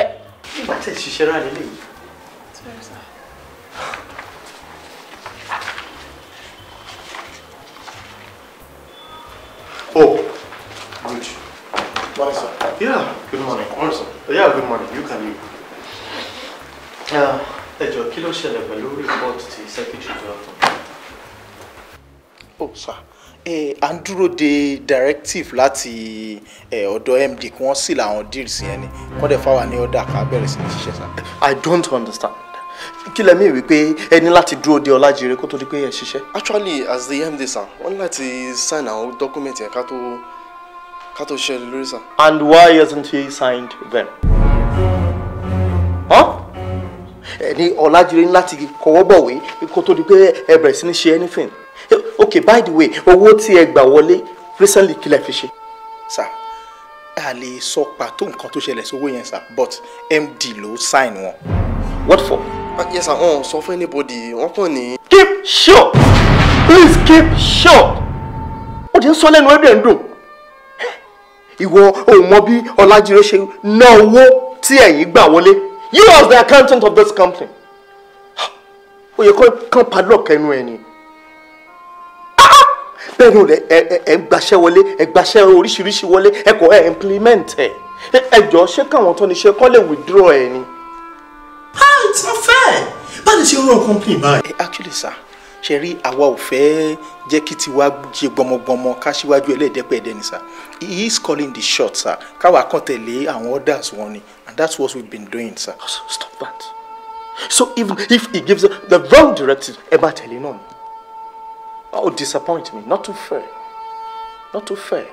Ẹ nígbà tẹ̀ ṣiṣẹ́ rà Oh, good. Morning, sir. Yeah, good morning. Morning, sir. Oh, yeah, good morning. ló ṣẹlẹ̀ pẹ̀lú report ti secretary tó yàtọ̀. ó sà à dúró de directive láti ọ̀dọ̀ md kí wọ́n sì làwọn deals yẹn ni kọ́dẹ̀ fáwa ní ọ̀dà ká bẹ̀rẹ̀ sí ní ṣiṣẹ́ sá. i don't understand kí lẹ́mí wípé ẹ ní láti dúró de ọlájire kó tó di pé ẹ ṣiṣẹ́. actually as the md sir wọ́n ní láti sign àwọn document yẹn ká tó ká tó ṣẹlẹ̀ lórí sir. and why hasn't he signed then? Huh? ní Ọlájúre ní láti kọwọ́ bọ̀wé kó tó di pé ẹ bẹ̀rẹ̀ sí ní ṣe anything ok by the way owó tí ẹ gbà wọlé recently kí lẹ fi ṣe. sir a lè sọ pàtó nǹkan tó ṣẹlẹ̀ sówó yẹn sir but md ló sign wọn. what for. Uh, yes sir wọn ò sọ fún anybody wọn kàn ní. keep short please keep short ó ti ń sọ lẹ́nu ẹ̀rẹ́ ń dùn ìwọ ò mọ bí Ọlájúre ṣe ná owó tí ẹ̀yin gbà wọlé you as the accountant of this company ó yẹ kán padlock ẹnu ẹ ni ah, ah. bẹ́ẹ̀ ni ẹ ń gbaṣẹ́ wọlé ẹ gbaṣẹ́ oríṣiríṣi wọlé ẹ kò ẹ implement ẹ ẹ jọ ṣé káwọn tó ní ṣe kán lè withdraw ẹ ni. ah it's not fair báyìí ṣe ń rán company báyìí. Eh, actually sir ṣe rí àwa ò fẹ́ jẹ́ kí tiwa jẹ gbọmọgbọmọ ká síwájú ẹlẹ́dẹ́pẹ̀ẹ́dẹ́ ni sir he is calling the shot sir káwa kàn tẹ̀lé àwọn orders wọn ni and that's what we've been doing sir. So stop that so even if he gives the wrong directive ẹ bá tẹ̀lé náà ni that oh, would disappoint me not too fair not too fair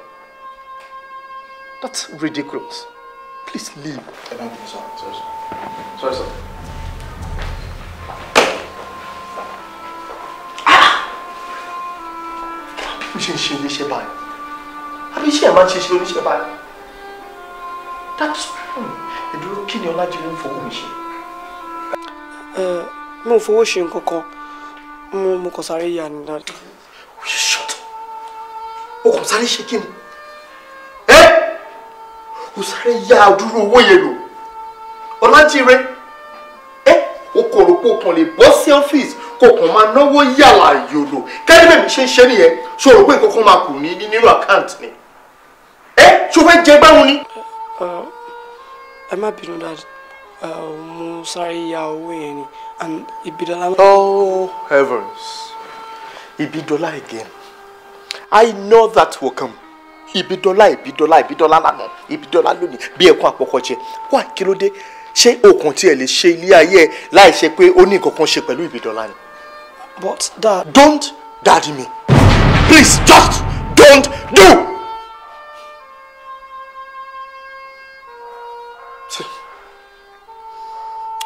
that's ridiculous please leave. ẹ má bínú sọ sorry sir sorry tó ṣe ń ṣe oníṣẹ́ báyìí àbí iṣẹ́ ẹ̀ máa ń ṣe ṣe oníṣẹ́ báyìí that's wrong ìdúró kí ni ọlájúlé ń fowó mi ṣe. ẹ mi ò fowó ṣe nǹkan o ṣe ṣọ́tọ̀ o kàn sáré o sáré yá dúró owó yẹn lò ọlájúlé kò kàn náwó yàlà yòlò kẹ́rin mi ṣe ń ṣe nìyẹn ṣó rò pé kankan máa kù ní nínú àkáǹtì ni ẹ ṣó fẹ́ jẹ gbáhùn ni. ẹ má bínú dáadé mo sáré ya owó yẹn ni and oh heavens Ibidola again I know that will come Ibidola, Ibidola, Ibídọ́lá lánàá Ibídọ́lá lónìí bí ẹkún àpọkọjẹ wá kí ló dé ṣé òkun tí ẹ lè ṣe ilé ayé ẹ láì ṣe pé ó ní nǹkan kan ṣe pẹ̀lú Ibídọ́lá ni. But dad, don't daddy me. Please, just don't do.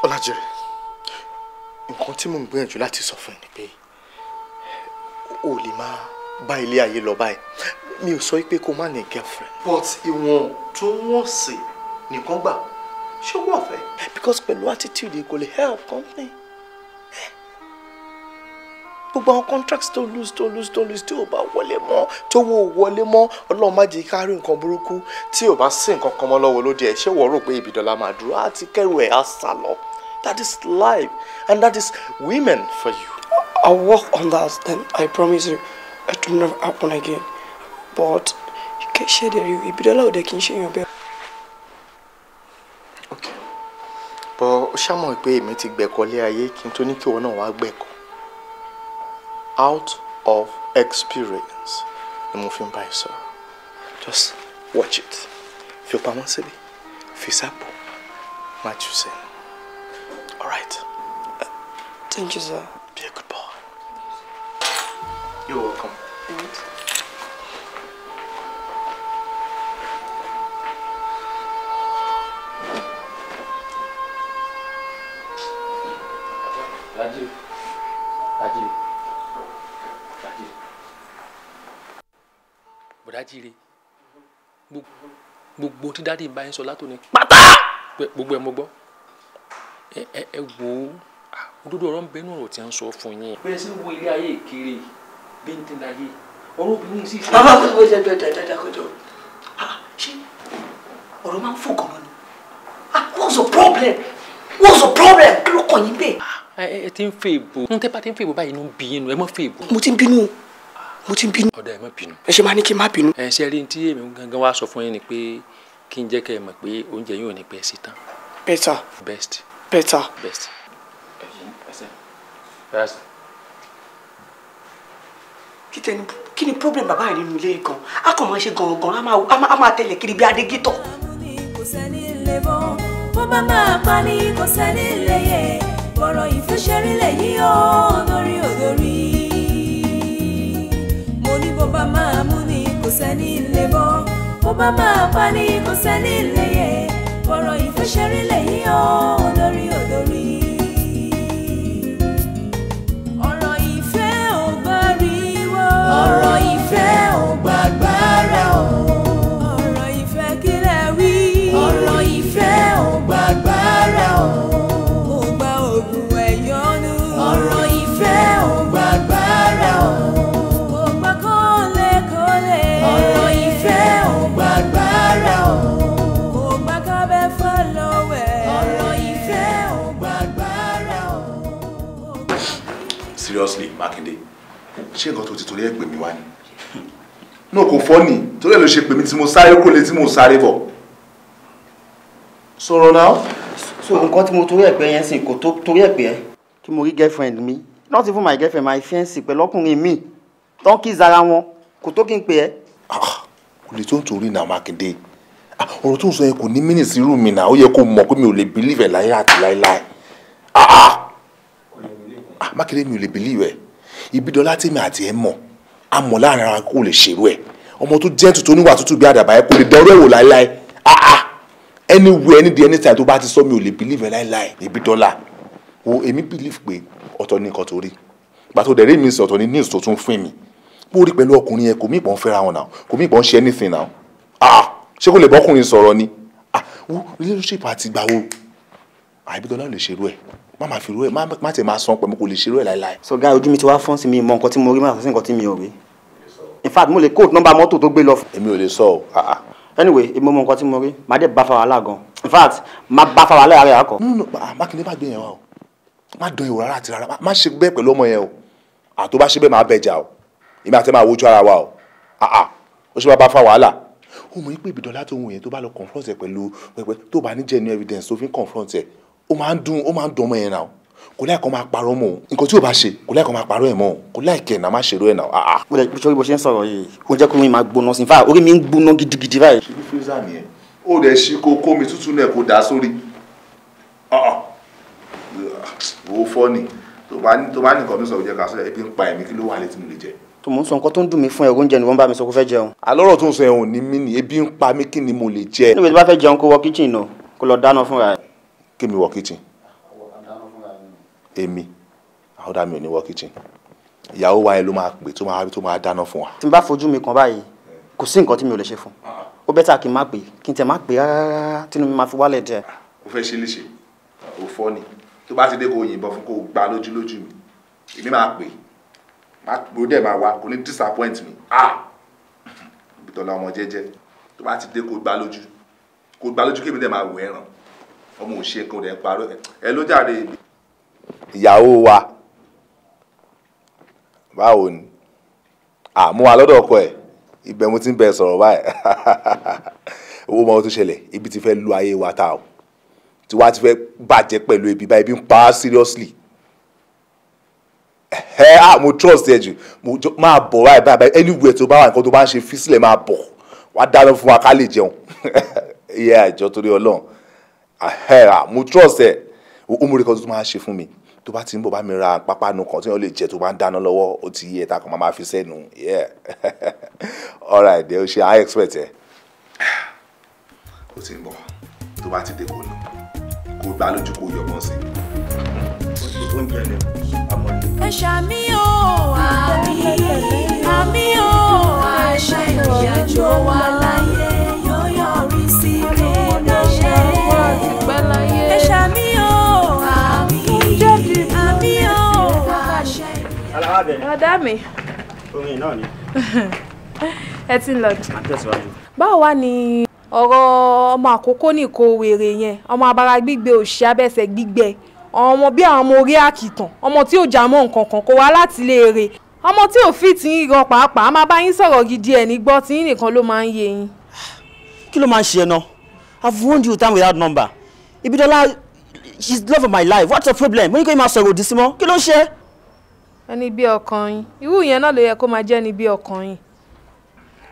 Ọlájírè, nǹkan tí mò ń gbìyànjú láti sọ fún ẹ ni pé o lè máa bá ilé ayé lọ báyìí. Mi ò sọ pé kó má ní girlfriend. But ìwọ̀n tó wọ̀n sí nìkan gbà ṣé wọ́n fẹ́. Because pẹ̀lú attitude kò lè help company gbogbo àwọn contracts tó lose tó lose tó lose tí ò bá wọlé mọ́ tó wò wọlé mọ́ ọlọ́run má jẹ́ ká rí nǹkan burúkú tí ò bá sí nǹkan kan mọ́ lọ́wọ́ lóde ẹ̀ ṣé wọ́n rò pé ibi dọ́là máa dúró àti kẹrù ẹ̀ á sá lọ that is life and that is women for you. I work on that and I promise you it will never happen again but kì í ṣe dèrè ibi dọ́là òde kì í ṣe èèyàn bẹ́ẹ̀. ok bọ́ ṣá mọ̀ pé èmi ti gbẹ̀kọ́lé ayé kí n tó ní kí ìwọ náà wá gbẹ̀kọ́. out of experience The mo fi just watch it Feel pamọ́ síbi fi What you say? alright. thank you sir. be a good boy. you're welcome. you. Adieu. Adieu. dájíire gbogbo tí dáàdi bá yín sọ látòní pátá gbogbo ẹ mo gbọ́ ẹ ẹ wò ó òdodo ọ̀rọ̀ ń bẹ nínú ọ̀rọ̀ tí a ń sọ fún yín. bẹ́ẹ̀ sì ń wo ilé ayé kiri bí n ti na yé ọ̀rọ̀ obìnrin sì ṣe. bàbá mi ò jẹ bẹ́ẹ̀ dáadáa kọjọ ṣé ọ̀rọ̀ máa ń fò gan-an ni what's the problem what's the problem kí ló kàn yín bẹ́ẹ̀. ẹ ti ń fẹ́ ìbò ń tẹ́ bá ti ń fẹ́ ìbò báyìí ló ń bí inú ẹ mọ́ fẹ́ ìbò. mo ti ń bínú o mo ti bínú. ọ̀dà ẹ̀ má bínú. ẹ ṣe máa ní kí n má bínú. ẹ ṣe rí ní tí èmi gangan wá sọ fún yín ni pé kí n jẹ́ kẹ́ ẹ mọ̀ pé oúnjẹ yóò ní pẹ́ sí tán. better. best. better. best. kí ni problem bàbá yìí nínú ilé kan a kò mọ̀ ṣe gangan a máa tẹ̀lé kiri bí adégítọ̀. kò sẹ́ni bá máa pa ni kò sẹ́ni lè yẹ bọ̀rọ̀ ìfẹ́ lè yí ọ́ lórí òdòrí bá máa mú ni kò sẹ́ni lè bọ́ bó bá máa pa ni kò sẹ́ni lè yẹ bọ̀rọ̀ ìfẹ́ lẹ́yìn ọ́ lórí òdòrí. torí ẹ̀ pè mí wá ni náà kò fọ́ ni torí ẹ̀ ló ṣe pè mí tí mo sáré kó lé tí mo sáré bọ̀ sọ̀rọ̀ náà. so nǹkan tí mo torí ẹ̀ pé yẹn sì kò torí ẹ̀ pé ẹ. kí mo rí girlfriend mi not even my girlfriend my fiancé pẹ̀lú ọkùnrin mi tó ń kí zara wọn kò tó kí n pè ẹ. Ah, kò lè tó ń torí náà mákindé ah, ọ̀rọ̀ tó ń sọ yẹn kò ní mínísì irú mi náà ó yẹ kó mọ̀ pé mi ò lè believe ẹ̀ láyé àti láéláé ah, mákindé mi ò lè believe ẹ̀ ibi dọ́lá tèmi àti ẹ̀ mọ̀ àmọ́ láàrin ara kò lè ṣerú ẹ̀ ọmọ tó jẹ́ tuntun níwà tútù bí àdàbà ẹ̀ kò lè dọ́rọ́ ẹ̀wò láéláé ah ah anywhere any day anytime tó bá ti sọ mi ò lè believe ẹ̀ láéláé ẹbí dọ́là wo èmi believe pé ọ̀tọ̀ ní nǹkan tó rí gbàtò dẹ̀rẹ́ mi sọ̀tọ̀ ní news tó tún fún mi bó rí pẹ̀lú ọkùnrin yẹn kò mí ìbọn fẹ́ra wọn náà kò mí ìbọn ṣe anything náà ah ṣé kò lè bọ́kùnrin sọ̀rọ̀ ni ah wo relationship àti gbàwo àìbídọ́lá ò lè ṣerú ẹ̀ má máa fi ru ẹ̀ má tẹ̀ máa san pẹ̀lú kò lè ṣerú ẹ̀ láéláé. sọgá ojú mi ti wá fọ́n sí mi mọ nǹkan tí mo rí máa fọ́n sí nǹkan tí mi ò rí in fact mo lè kóòtù nọ́mbà mọ́tò tó gbé lọ. èmi ò lè sọ o. Ah, ah. anyway èmi mọ nǹkan tí mo rí màá dẹ̀ bá fa wàhálà gan in fact máa bá fa wàhálà rẹ̀ akọ. nínú mákindé bá gbé yẹn wá o má dán ìwò rárá àti rárá má ṣe bẹ́ẹ̀ pẹ̀lú ọmọ yẹn o àtó bá ṣe bẹ́ẹ̀ máa bẹ̀jà o èmi àti máa wojú ara wa o ah, ó ṣe bá bá fa wàhálà o mọ̀ pé ìbìdọ́lá tó ń wò yẹn tó bá lọ confront ẹ̀ pẹ̀lú pẹ̀pẹ́ tó bá ní genuine evidence tó fi ń confront ẹ̀ ó máa ń dùn ó máa ń dùn ọmọ yẹn náà kò láì kọ́ máa parọ́ mọ́ o nǹkan tí o bá ṣe kò láì kọ́ máa parọ́ ẹ̀ mọ́ o kò láì kẹ̀ náà má ṣerú ẹ̀ náà. Ah, ah. mo lè sọ bó ṣe ń sọ̀rọ̀ yìí ó jẹ́ kó mi máa gbóná sí i fáà orí mi ń gbóná gidigidi báyìí. ṣé fírísà nìyẹn ó lè ṣí kó kó mi tútù náà kó dà á sórí wo ah, fọ́ọ̀nì tó bá ní tó bá ní nǹkan mi sọ̀rọ̀ jẹ́ ká sọ̀rọ̀ ebi ń pa ẹ̀mí kí ló wà létí mi lè jẹ. tó mò ń sọ nǹkan tó ń dùn mí fún ẹ̀rọ oúnjẹ ni wọ́n bá mi sọ kó fẹ́ jẹun. àlọ́rọ̀ tó ń sọ ẹ̀hún ni mí ni ebi ń pa mí kí ni mo lè jẹ. níbi tí bá fẹ́ jẹun kó wọ kíchìn náà kó lọ dáná fúnra ẹ̀ kí mi wọ kitchen èmi àwọn dàmí ò ní wọ kitchen ìyàwó wa yẹn ló máa pè tó máa tó máa dáná fún wa. tí n bá fojú mi kàn báyìí kò sí nǹkan tí mi ò lè ṣe fún ó bẹ́tà kí n má pè kí n tẹ̀ má pè rárá tínú mi máa fi wálẹ̀ díẹ̀. mo fẹ́ ṣe léṣe ò fọ́ ni tó bá ti dé kó yìnbọn fún kó gbá lójú lójú mi èmi máa pè má dẹ̀ máa wá kò ní disappoint mi ah ìbùtọ̀lá ọmọ jẹ́jẹ́ tó bá ti dé kó gbá lójú kó gbá lójú kí èmi dẹ̀ máa wò ẹ̀ràn ọmọ ò ṣe nǹkan ò dẹ̀ ń parọ́ ẹ ló jàre. ìyàwó wa báwo ni àmú wa ọkọ ẹ̀ ibẹ̀ mo ti ń bẹ sọ̀rọ̀ báyìí owó mọ́ tó ṣẹlẹ̀ ibi ti fẹ́ lu ayé wa ta o tí wàá ti fẹ́ bàjẹ́ pẹ̀lú ebi báyìí bí ń pa á seriously ẹ ah mo trust ẹ jù mo máa bọ̀ báyìí báyìí anywhere tó bá wà nǹkan tó bá ń ṣe fi sílẹ̀ máa bọ̀ wàá dáná fún wa ká lè jẹun iye àjọ torí ọlọ́run Ah, mo trust ẹ ó tó máa ṣe fún mi tó bá ti ń bọ̀ bá mi ra pápánu kan tí wọ́n lè jẹ tó bá ń dáná lọ́wọ́ ó ti yẹ ta kan máa fi sẹ́nu alright ẹ o ṣe i expect ẹ ó ti ń bọ̀ tó bá ti dé kò nù kò gbá lójú kò yọ bọ́n sí i. oúnjẹ ni àmọ́ ni. ẹ ṣàmì o àmì àmì o àṣà ìrìnàjò wa láyé. ọ̀dà mi. orin náà ni. ẹ ti ń lọ. àtẹ̀síwájú. báwo wá ni ọ̀rọ̀ ọmọ àkókò nìkó wèrè yẹn ọmọ abara gbígbẹ òṣì abẹ́sẹ̀ gbígbẹ ọmọ bí àwọn ọmọ orí àkìtàn ọmọ tí ò já mọ́ nǹkan kan kó wá láti lè rè ọmọ tí ò fi tí ń rọ pàápàá a máa bá yín sọ̀rọ̀ gidi ẹ̀ ní gbọ́ tí yín nìkan ló máa ń yé yín. kí ló máa ń ṣe ẹ náà I've warned you time without number Ibidola she's love of my life what's your problem mo ní kí n máa sọ̀rọ̀ òdì sí mọ́ kí ló ń ṣe ẹni bí ọkàn yín irú yẹn náà ló yẹ kó máa jẹ́ ẹni bí ọkàn yín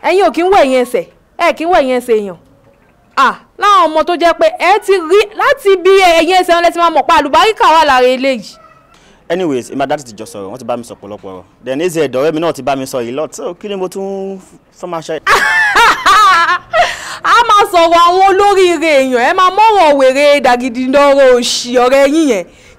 ẹ̀yin ò kí ń wẹ̀ yẹn ẹsẹ̀ ẹ̀ kí ń wẹ̀ yẹn ẹsẹ̀ èèyàn láwọn ọmọ tó jẹ́ pé ẹ ti rí láti bí ẹ̀yin ẹsẹ̀ wọn lẹ́sí máa mọ̀ pa àlùbáríkà wà lára eléyìí. anyways emma dadi ti jọ sọ̀rọ̀ wọn ti bá mi sọ pọ̀lọpọ̀ ọ̀rọ̀ then eze ẹdọrẹ mi náà ti bá mi sọ yìí lọ tí kí ni mo tún fẹ́ máa ṣe. a máa sọ̀rọ̀ àwọn olóríire èèyàn ẹ máa mọ̀rọ̀ wèrè dàgídí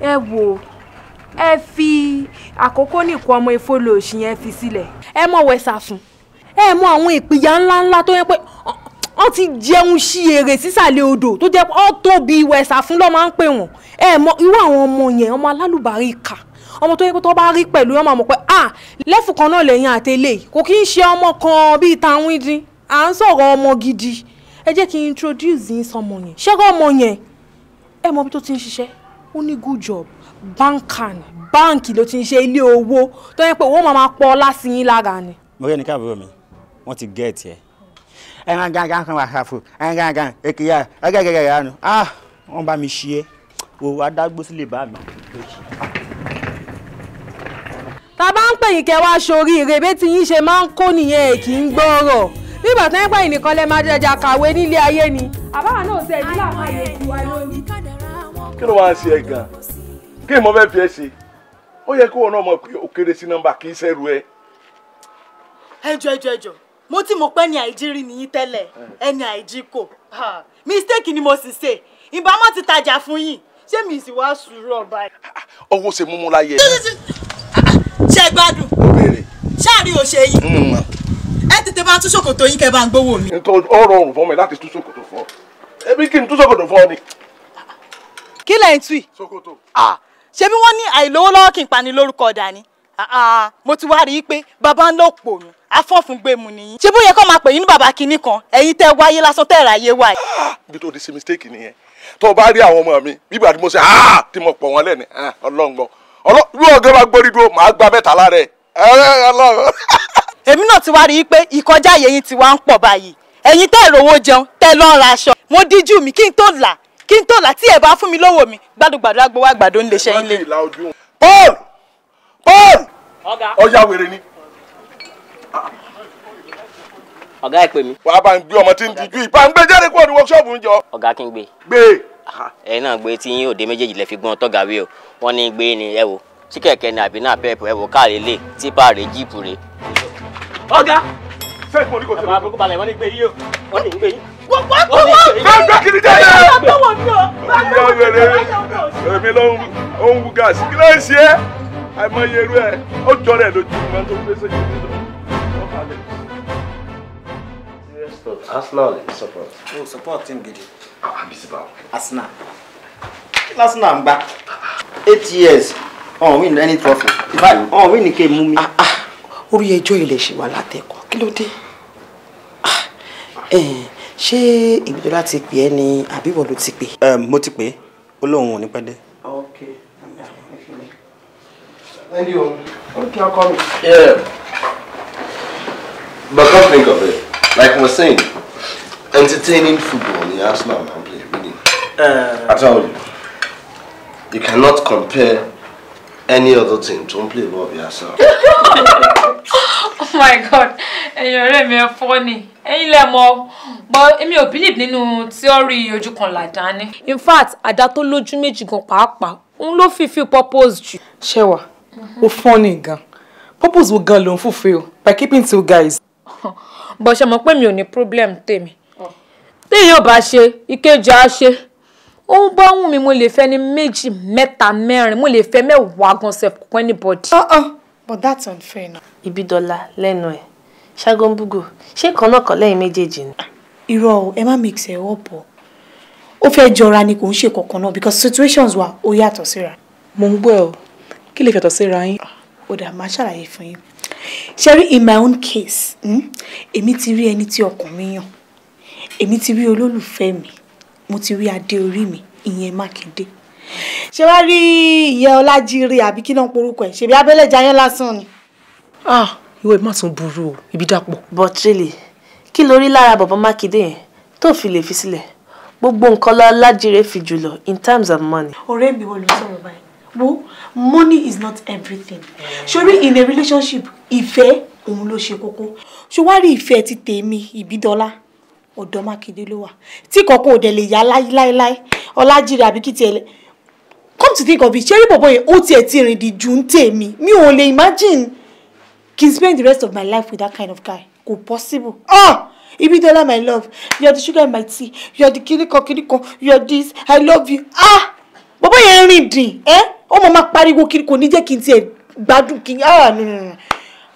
ẹ wò ẹ fi àkókò nìkan ọmọ ìfọlọ òsì yẹn fi sílẹ̀. ẹ mọ̀ wẹ̀sà fún ẹ mọ̀ àwọn ìpìyà ńláńlá tó yẹ pé wọ́n ti jẹun sí èrè sísàlẹ̀ odò tó jẹ́ ọ́ tóbi wẹ̀sà fún lọ́ máa ń pè wọ́n ẹ mọ̀ irú àwọn ọmọ yẹn ọmọ alálùbárí kà ọmọ tó yẹ pé tó bá rí pẹ̀lú ọmọ àmọ̀ pé à lẹ́fù kan náà lẹ́yìn àtẹlẹ́ kò kí ń ṣe ọmọ kan bíi tàwọn ìdín à ń sọ̀rọ̀ ọmọ gidi ẹ jẹ́ kí n introduce yín sọmọ yẹn ṣẹ́gun ọmọ yẹn ẹ mọ bí tó ti ń ṣiṣẹ́ ó ní good job bankan báǹkì ló ti ń ṣe ilé owó tó yẹ pé owó máa máa pọ̀ láti yín lára ni. mo rí ẹni káàbọ̀ mi wọ́n ti gẹ̀ẹ́tì ẹ̀ ẹran gangan kan wà ṣàfù ẹran gangan èkìyà ẹgẹgẹgẹ ìyanu ah wọ́n bá mi ṣí ẹ wo adágbó sí lè bá mi. ta bá ń pè yín kẹ́ wá sórí ìrèbé tí yín ṣe máa ń kó nìyẹn kì í gbọ́rọ̀ nígbà tó ń pè yín nìkan lẹ́ máa jẹjà kàwé nílé ayé ni àbáwọn náà ṣe ìdílé àwọn àyè ìwà lónìí kí ló wá ń ṣe ẹ gan kí ni mo fẹ́ fi ẹ ṣe ó yẹ kí wọn náà mọ̀ pé ó kéré sí nọ́mbà kì í ṣẹ́rù ẹ. ẹjọ ẹjọ ẹjọ mo ti mọ̀ pé ẹni àìjírí nìyí tẹ́lẹ̀ ẹni àìjí kò mistake ni mo sì ṣe ìbámu ti tajà fún yín ṣé mi sì wá sùúrù ọba. owó ṣe múmú láyé. ṣé ẹ gbádùn ṣáàrí ò ṣe yín ẹ tètè máa tún ṣòkòtò yín kẹ́ bá ń gbówó mi. ọ̀rọ̀ ọ̀rùn fún mi láti tún ṣòkòtò fún ẹbí kí n tún ṣòkòtò fún ọ ni kí lẹ́yìn tù yìí. sokoto. ṣé bí wọ́n ní àìlówó lọ́wọ́ kí n pani lórúkọ dání mo ti wá rí i pé bàbá ń lò pò nù afọ́fun gbé mu nìyí. ṣé bó yẹ kó máa pè yín ní bàbá kinní kan ẹ̀yin tẹ́ wáyé lásán tẹ́ ráyé wá. Ah, ibi tó di sí mistake nìyẹn tó o bá rí àwọn ọmọ mi bíbá tí mo ṣe ah, tí mo pọ̀ wọ́n lẹ́nu ọlọ́ngbọ́n ah, ọlọ́run ọ̀gá máa gbórí dúró màá gba mẹ́ta lára ẹ̀ ọlọ́run. èmi náà ti wá rí i pé ìkọjá yẹyin ti wá ń pọ̀ báyìí ẹ̀yin tẹ́ ìrówó jẹun tẹ́ lọ́ọ́ ra aṣọ mo díjú mi kí n tó là kí n tó là tí ẹ bá fún mi lọ́wọ́ mi gbàdúgbàdú agbowó àgbàdo ń lè ṣe ilé. paul paul ọya wèrè ni. ọ̀gá ẹ̀ pè mí. wàá bá ń gbé ọmọ tí ń dúdú yìí bá ń gbé jáde kúrò ní wọ́ọ̀ṣọ́ọ̀bù ń jọ. ọ̀gá kí n gbé. gbé. ẹ̀yin náà gbé tí òde méjèèjì lẹ fi gbọ́n tọ́gà wí o wọ́n ní gbé ni ẹ wo tí kẹ̀kẹ́ ni àbí náà pẹ́ẹ́pù ẹ wo káàlè lè típà rè jíìpù rè. ọ̀gá sẹ́ẹ̀kì mo ní kò tẹ̀lé. àbúrò balẹ̀ wọ́n ní gbé yí o wọ́n ní gbé yí. wọ́n wọ́n wọ́n. bẹ́ẹ̀ bẹ́ẹ̀ kì í jẹ́ ìyá wẹ̀rẹ̀ èmi ló ń wú gáàsì kí ló ń ṣe ẹ̀ ó jọrọ ẹ̀ lójú ìgbà tó gbé sójú ìdílé lọ. Arsenal support. Oh, support team gidi. Ah, Abisi Bawo. Arsenal. Kí Arsenal ń Eight years, ọ̀n win any trophy. Ọ̀n win kè mú mi. Ah, ah. Orí ẹjọ́ ilẹ̀ ṣì wà látẹ̀kọ̀, kí ló dé? Ah, eh ṣé ìgbìdọ́lá ti pè ẹ́ ni àbí ìwọ ló ti pè. mo ti pè é ó lóun ò ní pẹ́ dé. okay I'll come. yeah but come think of it like we were saying entertaining football ni Arsenal man play really. Uh, I tell you you cannot compare any other thing don't play ball with yourself. oh my god And you're mi funny. fọ́ ni But lẹ mọ̀ bọ èmi ò believe nínú theory ojú kan làdá ni. in fact àdá tó you méjì gan pàápàá òun ló fìfì purpose jù. ṣẹwà ó Funny ní gan purpose wo gan ló ń fulfill by keeping two guys. But ṣe mọ̀ pé mi ò ní problem tèmi téèyàn bá ṣe ìkejì á ṣe ó bá wùn mí mo lè fẹ́ ní méjì mẹ́ta mẹ́rin mo lè fẹ́ mẹ́wàá gan sef anybody. ọ̀ uh, ọ̀ uh, but that's unfair na. Ibídọ́lá lẹ́nu ẹ̀ ṣàgọ́nbúgò ṣé kan náà kọ́ lẹ́yìn méjèèjì ni. irọ́ o ẹ má mix ẹ̀ wọ́ pọ̀ ó fẹ́ jọra ni kò ń ṣe kankan náà because situations wa ó yàtọ̀ síra. mo ń gbọ́ ẹ o kí lè fẹ̀tọ̀ síra yín. Ah, ó máa ṣàlàyé fún yín ṣe in my own case hmm, èmi ti rí ẹni tí ọkàn mi yàn èmi ti rí olólùfẹ́ mi mo ti rí adé orí mi ìyẹn mákindé ṣé wàá rí ìyẹn ọlájíire àbí kí náà porúkọ ẹ ṣèbí abẹ́lẹ̀ jayé lásán ni. ah ìwé má tún burú o ibi dàpọ̀. but really kí ló rí lára bàbá mákindé yẹn tó fi lè fi sílẹ̀ gbogbo nǹkan lálájíire fi jùlọ in terms of money. ọ̀rẹ́ mi wọ́n ló sọ̀rọ̀ báyìí wo money is not everything sori in a relationship ìfẹ́ òun ló ṣe kókó ṣùgbọ́n wàá rí ìfẹ́ ti tèmi ìbídọ́lá ọ̀dọ̀ Mákindé ló wà tí kankan ò dẹ̀ lè yá láíláíláí ọlájírè àbí kìtì ẹ̀lẹ́ come to think of it ṣé rí bọ̀bọ̀ yẹn ó tiẹ̀ ti rìn dì ju ń tèmi mi ò lè imagine can spend the rest of my life with that kind of guy kò possible. Ah, Oh! Ibidola my love you are the sugar in my tea you are the kirikan kirikan you are this I love you ah bọ̀bọ̀ yẹn rìn dìn ẹ́ ó mọ̀ máa pariwo kiri kò ní jẹ́ kí n tiẹ̀ gbádùn kí n ah no no no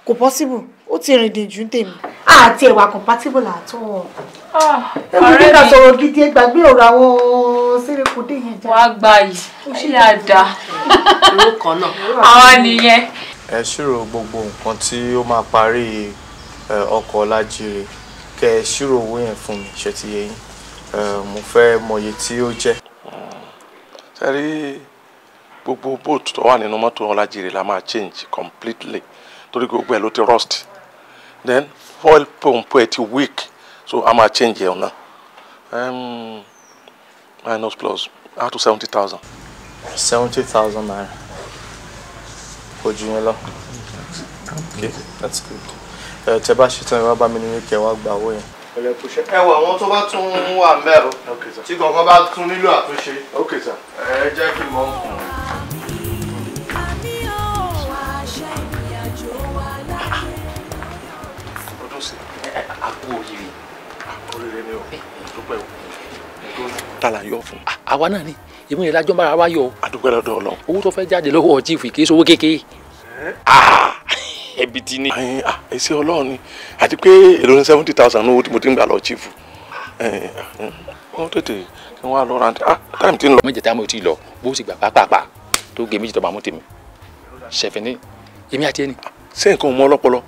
kò possible ó ti rìn dìn ju ń tèmi. àti ah, ẹ̀wà compatible at all. Ah, ọ̀rẹ́ mi sọ̀rọ̀ gidi gbàgbé ọ̀rọ̀ àwọn sẹ́rẹ̀kùdé yẹn já. wàá gba yìí ó ṣì dáadáa àwa nìyẹn. ẹ ṣírò gbogbo nǹkan tí ó máa parí ọkọ̀ ọ̀làjìrè kẹ ẹ ṣírò owó yẹn fún mi ṣe ti yẹ yín mo fẹ́ mọye tí ó jẹ́. sẹ́rí gbogbo boat tó wà nínú mọ́tò ọ̀làjìrè la máa change completely torí gbogbo ẹ̀ ló ti rust then fuel pump ẹ̀ ti weak so a change here now. um, minus plus a tó seventy thousand. seventy thousand naira kò ju yẹn lọ okay that's good tẹ bá ṣe tán ẹ wá bá mi nínú kẹ wá gba owó yẹn. ẹ wọ àwọn tó bá tún wà mẹ́ o tí kankan bá tún nílò àtúnṣe ẹ jẹ́ kí n mọ̀ ọ́n. àpò òyìnbó rere o dúpẹ́ o ta la yọ fún. àwa náà ni ìmú yẹn lájọ́ bára wa yọ. àdúgbò lọ́dọ̀ ọ̀lọ́. owó tó fẹ́ jáde lọ́wọ́ chief kì í sowó kékeré. ẹbí ti ní. ẹsẹ Ọlọ́run ni àti pé èrò ní seventy thousand owó tí mo ti ń gbà lọ chief. wọ́n tètè kí wọ́n á lọ rántí ah táìmù ti ń lọ. méje táìmù ti lọ bó sì gbà pàápàá tó gé méjì tó bá mú tèmi ṣẹ̀fẹ̀ ní èmi àti ẹni. ṣé nǹkan ò mọ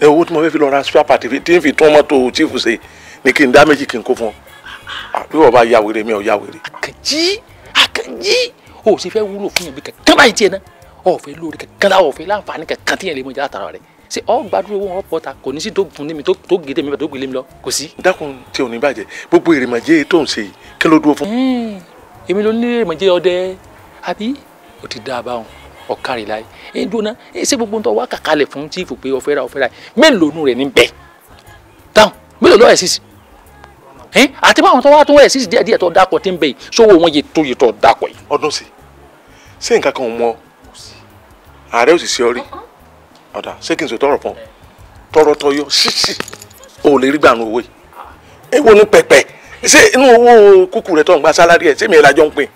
ẹ owó tí mo fẹ́ fi lọ ra spare part tí n fi tún mọ́tò chief ṣe ni kí n dá méjì kí n kó fún ọ ah, bí wọ́n bá ya wèrè mi ò ya wèrè. àkànjí àkànjí o ò sì fẹ́ wúlò fún yàn bí kankan báyìí tiẹ̀ ná ọ̀fẹ́ lórí kankan láwọ̀ ọ̀fẹ́ láǹfààní kankan tíyẹn lè mọ ìjà látara rẹ̀ ṣe ọ gbàdúrà owó wọn pọ̀ kò ní sí tó gun mi tó gèdè mi tó gèlè mi lọ kò sí. dákun tí ò ní bàjẹ́ gbogbo èrèmọ̀jẹ́ tó ń ṣe kí ló dúró fún. Hmm, èmi ló ní èrèmọ̀jẹ́ ọdẹ àbí ó ti dáa báwọn ọ̀kárì láyé ẹ̀ dúná ẹ̀ ṣé gbogbo nǹkan wá kàkálẹ̀ fún chief pé ọ̀fẹ́ ra ọ̀fẹ́ ra mélòó nù rẹ̀ ní bẹ́ẹ̀ mélòó lọ́ọ̀ ẹ̀ sísì ẹ̀ àti báwọn tó wá tó ẹ̀ sísì díẹ̀ tó dákọ̀ tí ń bẹ̀ yìí sówó wọn yẹ tó yẹ tó dákọ̀ yìí. ọdún sí ṣé nǹkan kan mọ ààrẹ ò sì ṣe ọ rí ọ̀dà ṣé kí n ṣe tọrọ fún tọrọ tọyọ ṣíṣì ò lè rí gbàánu owó yìí èwo ni pẹpẹ ṣé inú owó kúkú rẹ tó ń gba sálárì ẹ ṣé mi ìlàjọ ń pin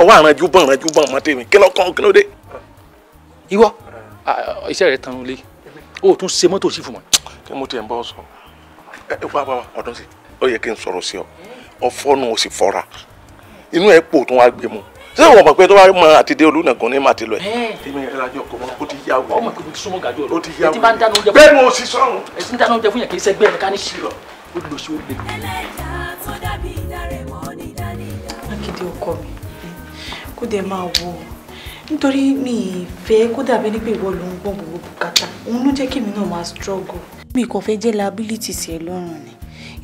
ọwọ́ àrànjú bọ̀ àrànjú bọ̀ mọ́ tèmi kí ló kí ló ìwọ ah, ah, iṣẹ́ rẹ tanu lé o tún ṣe mọ́tò sí fún mọ́. kí mo tiẹ̀ ń bọ́ sọ ẹ wá wá ọdún sí ó yẹ kí n sọ̀rọ̀ sí ọ ọfọ́nù o sì fọ́ra inú ẹ pò tó wá gbé mu ṣé wọn mọ̀ pé tó bá mọ àtidé olùnàgún ní màtí lọ ẹ. èmi ìrìn àjò ọkọ wọn ó ti yá wẹ. ọmọ kìkì súnmọ́ gàdúrà ó ti yá wẹ bẹ́ẹ̀ ni o sì sọ̀rọ̀. ẹ̀sìn dáná oúnjẹ fún yẹn kì í sẹ́gbẹ́ ẹ̀ka ní sí lọ ó lọ sí ó lè. akéde ọkọ mi kó dẹ máa wo nítorí mi ìfẹ́ kó dàbí ẹni pé ìwọ ló ń gbọ́n gbogbo bùkátà òun ló jẹ́ kémi náà máa struggle. mi kàn fẹ́ jẹ́ liability sí ẹ lọ́rùn ni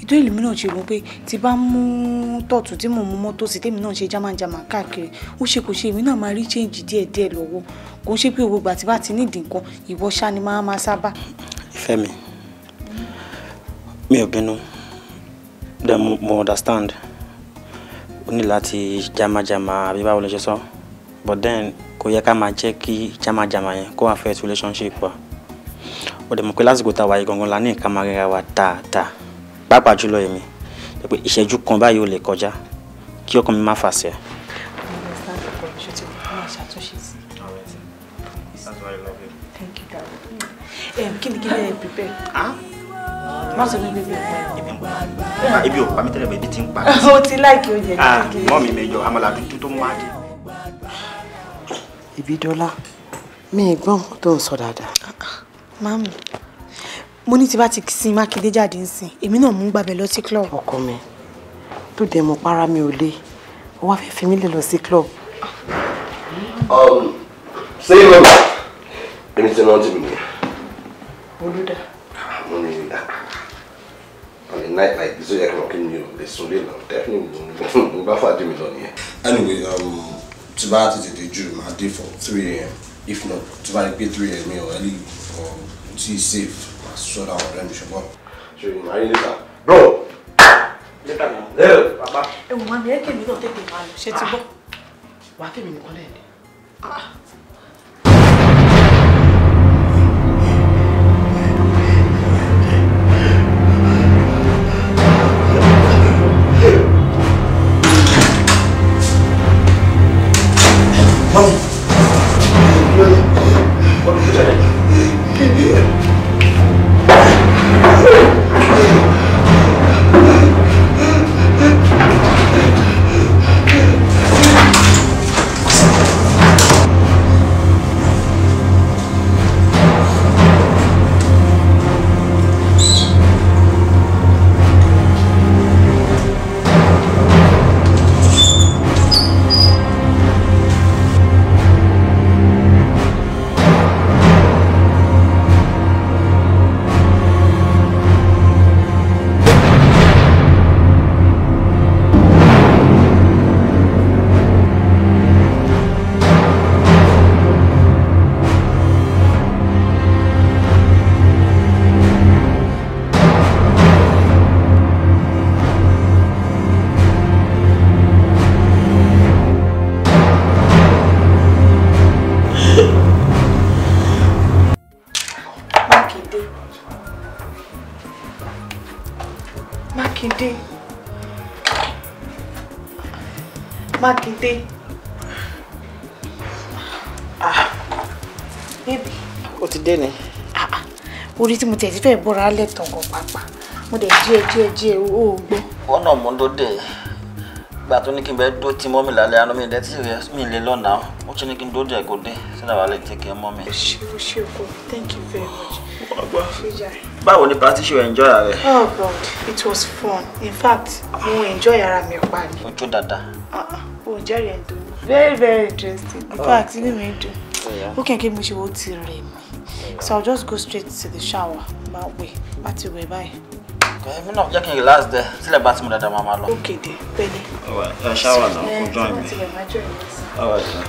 ìtọ́ ìlú mi náà ṣe rò pé tí bá mú tọ̀tún tí mò ń mú mọ́tò sí tèmi náà ṣe jámánjámá káàkiri ó ṣe kò ṣe èmi náà máa rí change díẹ̀ díẹ̀ lọ́wọ́ kò ń ṣe pé gbogbo àti bá ti nídìí nǹkan ìwọ ṣá ni máa máa sábà. ìfẹ́ mi mi ò bínú dem mo understand o ní láti jámánjámá àbí báwo lè ṣe sọ but then kò yẹ ká máa jẹ́ kí jámajàma yẹn kó affect relationship wa ó dẹ̀ mọ̀ pé lásìkò tá a wáyé gangan la ní nǹkan máa rẹra wa dáadáa pàápàá jùlọ èmi pé ìṣẹ́jú kan báyìí ò lè kọjá kí ọkàn mi má fà sẹ́ẹ̀. ẹ prepare. má sọ mi bíbí ọ̀pá. ibi pa mí tẹ́lẹ̀ bẹ́ẹ̀ o ti láìkí ah, mi mẹ́jọ àmàlà dúdú tó máa dé. Ìbídọ́lá mi ì gbọ́ nǹkan tó ń sọ dáadáa. Ah, Mami, mo ní tí bá ti sin Mákindé jáde ń sìn, èmi náà mú ń lọ sí club. Ọkọ mi, tó dẹ̀ mọ para mi ò lé, ó wá fẹ́ fi mí lè lọ sí club. Um, ṣé ìwé mi? Èmi ti rántí mi nìyẹn. Olúdà. Ah, mo ní ìlà. On a night like this, ó yẹ kí n lọ kí n mi ò lè sùn lè lọ. Definitely mo bá fàájì mi lọ nìyẹn. Anyway, um, tí bá ti tètè jù máa dé for three am if not tí bá rí pé three am yẹn ọ̀rẹ́ lè ọ̀ tí ì safe máa sọ́dọ̀ àwọn ọ̀rẹ́ mi ṣùgbọ́n. ṣe ìmọ̀ ayé níta bro. níta náà ẹ bàbá. ẹ wò wá mi ẹ kèmí náà tètè máa lọ ṣe ti bọ́ wàá kèmí nìkan lẹ́yìn. Ah! tẹ̀ sí fẹ́ bọ́ra lẹ́tàn kan pàápàá mo dẹ̀ díẹ̀ díẹ̀ díẹ̀ ó gbọ́. wọn náà mú tó dé gbà tó ní kí n bẹ dó tí mọ́mì lálẹ́ àná mi dẹ́ tí mi lè lọ́nà ó ṣe ní kí n dó dẹ̀ kó dé sínú àwọn alẹ́ kí n mọ́ mi. ṣe ṣe kò thank you very much. báwo ni pati ṣe enjoy ara rẹ. oh god it was fun in fact mo enjoy ara mi pa ni. ojú dada. Ah, o jẹ́rìí ẹ̀ dùn. very very interesting in oh. fact inú mi dùn oh, ó kàn kí mo ṣe wo ti rẹ̀ mi. So I'll just go straight to the shower. Máa wẹ̀, má ti wẹ̀ báyìí. Èmi náà jẹ́ kí n relax dẹ̀, tílẹ̀ bá ti mú dáadáa máa máa lọ. Ókè dé, bẹ́ẹ̀ni. shower now. náà, join me. Ọ̀rọ̀ ìṣẹ́.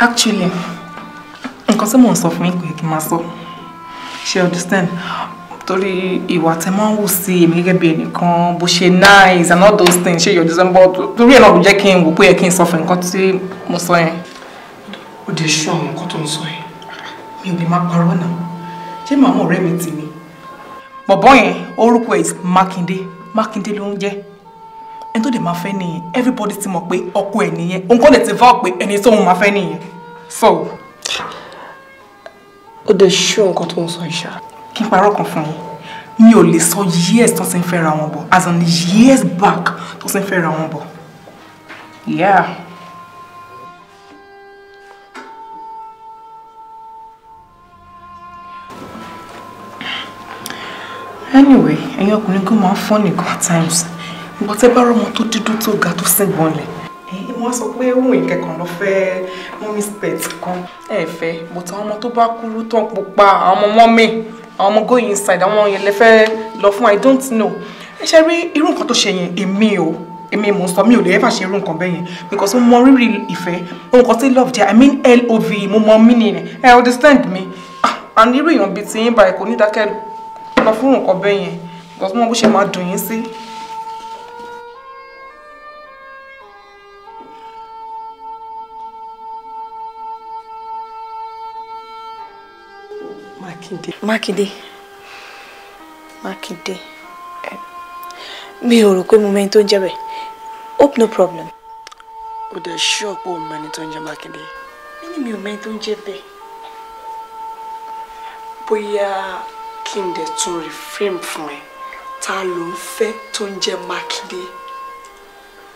Actually, nǹkan tí mò ń sọ fún yín kò yẹ kí n understand? torí ìwà tẹ máa ń wù sí èmi gẹ́gẹ́ bí ẹnìkan bó ṣe nice and all those things ṣe yọjú sẹ́ńbọ̀ torí ẹ̀ náà kò jẹ́ kí n wò pé yẹ kí n sọ fún nǹkan tí mo sọ yẹn. ó dé ṣú àwọn nǹkan tó ń sọ yẹn mi ò lè má parọ́ náà ṣé màmú ọ̀rẹ́ mi ti ni. bọ̀bọ́ yẹn orúkọ ẹ̀ Mákindé Mákindé ló ń jẹ́ ẹni tó dẹ̀ máa fẹ́ nìyẹn everybody ti mọ̀ pé ọkọ ẹ̀ nìyẹn òun kọ́ lè ti fọ́ pé ẹni tóun máa fẹ́ nìyẹn so. ó dé ṣú nǹkan tó ń sọ ìṣáà kí n parọ́ kan fún yín mi ò lè sọ years tó ti ń fẹ́ra wọn bọ̀ as in years back tó ti ń fẹ́ra wọn bọ̀ yeah. anyway ẹ̀yin ọkùnrin kò máa ń fọ́ nìkan times ìgbà tẹ́ bá rọmọ tó dúdú tó ga tó sẹ́gbọ̀n lẹ̀ wọ́n sọ pé òun ìkẹ́kọ̀ọ́ lọ fẹ́ mọ́mí spẹ̀t kan ẹ fẹ́ bọ̀tà ọmọ tó bá kúrú tán pupa àwọn ọmọ mi àwọn ọmọ go inside àwọn yẹn lè fẹ́ lọ fún i don't know ẹ ṣe rí irú nǹkan tó ṣe yẹn èmi o èmi mò ń sọ mi ò lè ever ṣe irú nǹkan bẹ́yẹn because mo mọ rírì ìfẹ́ mo nǹkan tí love jẹ́ i mean love mo mọ meaning ẹ understand me ah, and irú èèyàn bíi ti yín báyìí kò ní dákẹ́ lọ fún nǹkan bẹ́yẹn because mo mọ bó ṣe máa dùn yín sí. Mákindé. Mákindé. Mákindé. Mi ò rò pé mo mẹni tó ń jẹ́ bẹ̀. Hope no problem. O dẹ̀ ṣọ́ pé o mẹni tó ń jẹ́ Mákindé. Mi ni mi ò mẹni tó ń jẹ́ bẹ̀. Bóyá kí n dẹ̀ tún reframe fún ẹ, ta ló ń fẹ́ tó ń jẹ́ Mákindé?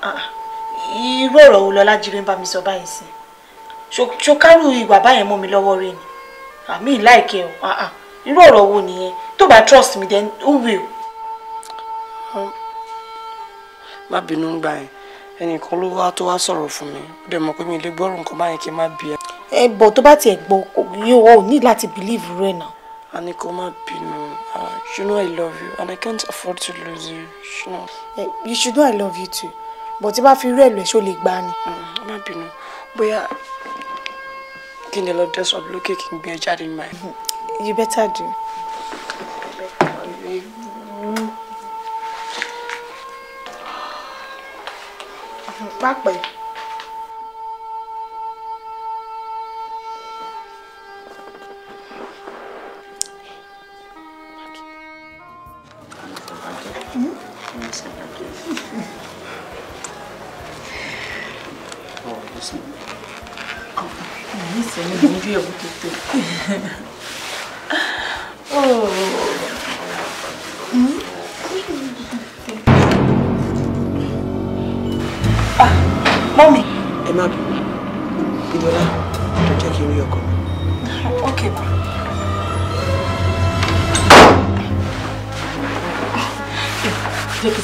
Ah, irú ọ̀rọ̀ wo Lọlá Jíire ń bá mi sọ báyìí sí? Ṣòkárù ìwà báyẹn mọ́ mi lọ́wọ́ rí ni àmì ìláìkẹ́ o irú ọ̀rọ̀ wo nìyẹn tó bá trust me then who will. Hm. má bínú ń gbà yẹn ẹnìkan ló wá tó wá sọ̀rọ̀ fún mi ó dẹ̀ mọ̀ pé mi lè gbọ́rùn nǹkan báyẹn kí n má bí ẹ. ẹ eh, bọ̀ tó bá tiẹ̀ gbọ́ yóò ó ní láti believe rẹ̀ náà. a ní kó má ah, you know i love you and i can't afford to lose you. you know, uh, you should know i love you too but tí bá fi rú ẹ̀ lọ ẹ̀ ṣó lè gbá ni. Hm, má bínú bóyá kí n lè lọ up lókè kí n gbé ẹ jáde ní báyìí. Hmm, you better do. pápẹ́. Hmm, mm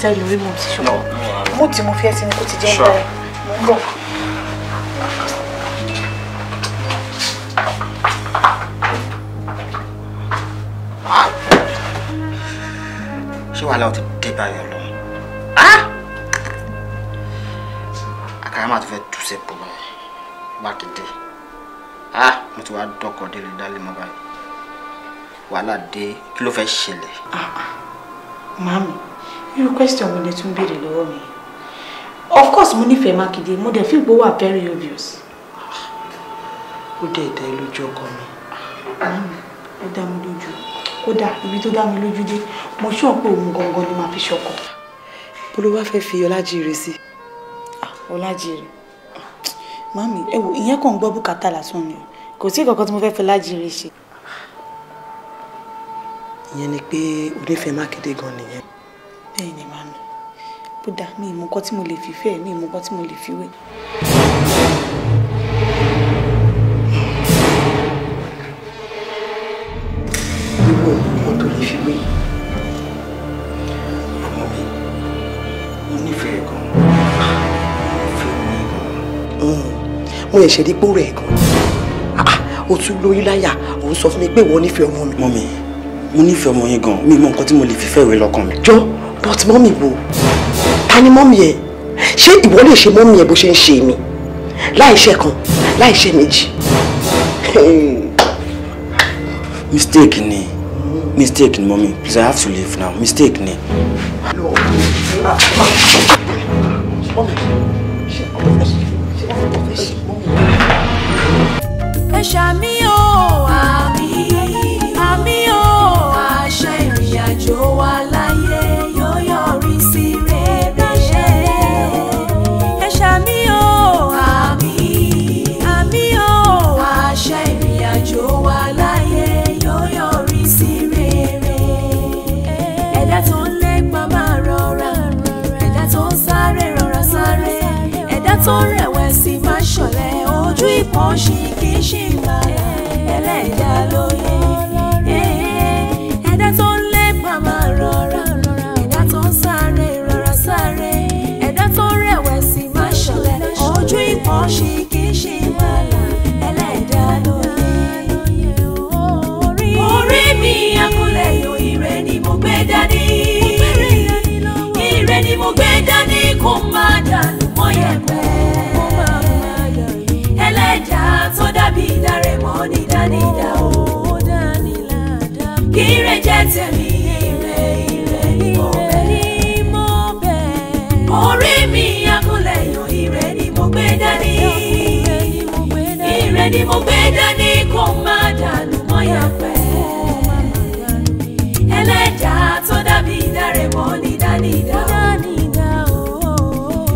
sẹ́yìn lórí mo ti ṣùgbọ́n mo ti mo fi ẹsẹ̀ ni kò ti jẹ́ bẹ́ẹ̀ mo ń bọ̀. ṣé wàhálà ọtí dé báyọ̀ lọ. Ah! àkàrà máa ti fẹ́ tú sẹ́pù báyìí mákindé ah, mo ti wá dọ́kọ̀ délé dálé mọ́ báyìí wàhálà dé kí ló fẹ́ ṣẹlẹ̀. Ah, màmí question wo lè tún béèrè lọ́wọ́ mi of course mo nífẹ̀ẹ́ Mákindé mo dẹ̀ fi gbowó very obvious. ó dẹ̀ dá lójú ọkọ mi. ó dá mi lójú kódà ibi tó dá mi lójú dé mo ṣọ́ pé òun gangan ni màá fi ṣọkọ. bó ló wá fẹ́ fi ọlájire sí. Ah, ọlájire mami ẹ wo ìyẹn kàn ń gbọ́ bùkátà lásán ni kò sí kankan tí mo fẹ́ fi ọlájire ṣe. ìyẹn ni pé onífẹ̀ẹ́ Mákindé gan nìyẹn bẹ́ẹ̀ ni màá nù kódà mi ìmú kọ́ tí mo lè fi fẹ́ mi ìmú kọ́ tí mo lè fi wé. gbogbo ìmọ̀ tó lè fi wé ọmọ mi mo nífẹ̀ẹ́ gan-an mo fi mi gan-an. rí pòrò ẹ̀ gan o ah, tún lórí láyà òun sọ fún mi pé ìwọ nífẹ̀ẹ́ ọmọ mi. mọ́mi mo nífẹ̀ẹ́ ọmọ yín gan-an mi mọ nǹkan tí mo lè fi fẹ́ ìwé lọ́kàn mi. jọ́ but mọ́mì wo ta ni mọ́mì ẹ̀ ṣé ìwọ lè ṣe mọ́mì ẹ̀ bó ṣe ń ṣe mi láìṣe kan láìṣe méjì. mistake ni mistake ni mọ́mì please i have to leave now mistake ni. ẹ ṣàmì ọ̀ṣìnkìṣìmà ẹlẹ́jà lóye. ẹ̀dá tó ń lépa máa rọra ẹ̀dá tó ń sáré rọra sáré ẹ̀dá tó ń rẹ̀wẹ̀sì máa ṣọ̀lẹ ojú ìpọ̀ ṣìnkìṣìmà ẹlẹ́jà lóye. orí mi akúnlẹ̀ yọ ire mo gbé dání kó má dànù mọ́ yẹ̀pẹ̀. ìdáre mọ́ ní dánidá o. kí ire jẹ́ tèmi ire ire ni mo bẹ̀. orí mi akúnlẹ̀ yàn ire ni mo gbé dání. ire ni mo gbé dání kó má dànù mọ́ yàpẹ́. ẹlẹ́dàá tó dábì ìdáre mọ́ ní dánidá o.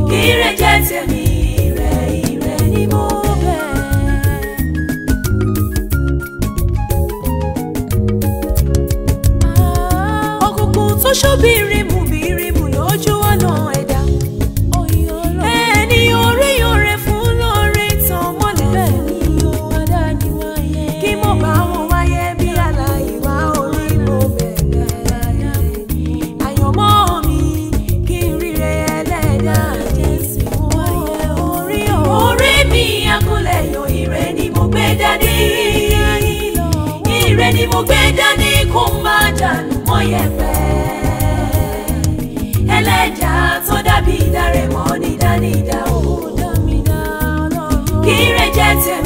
kí ire jẹ́ tèmi. ṣóbìnrin kí rẹ̀ jẹ́ tẹ̀.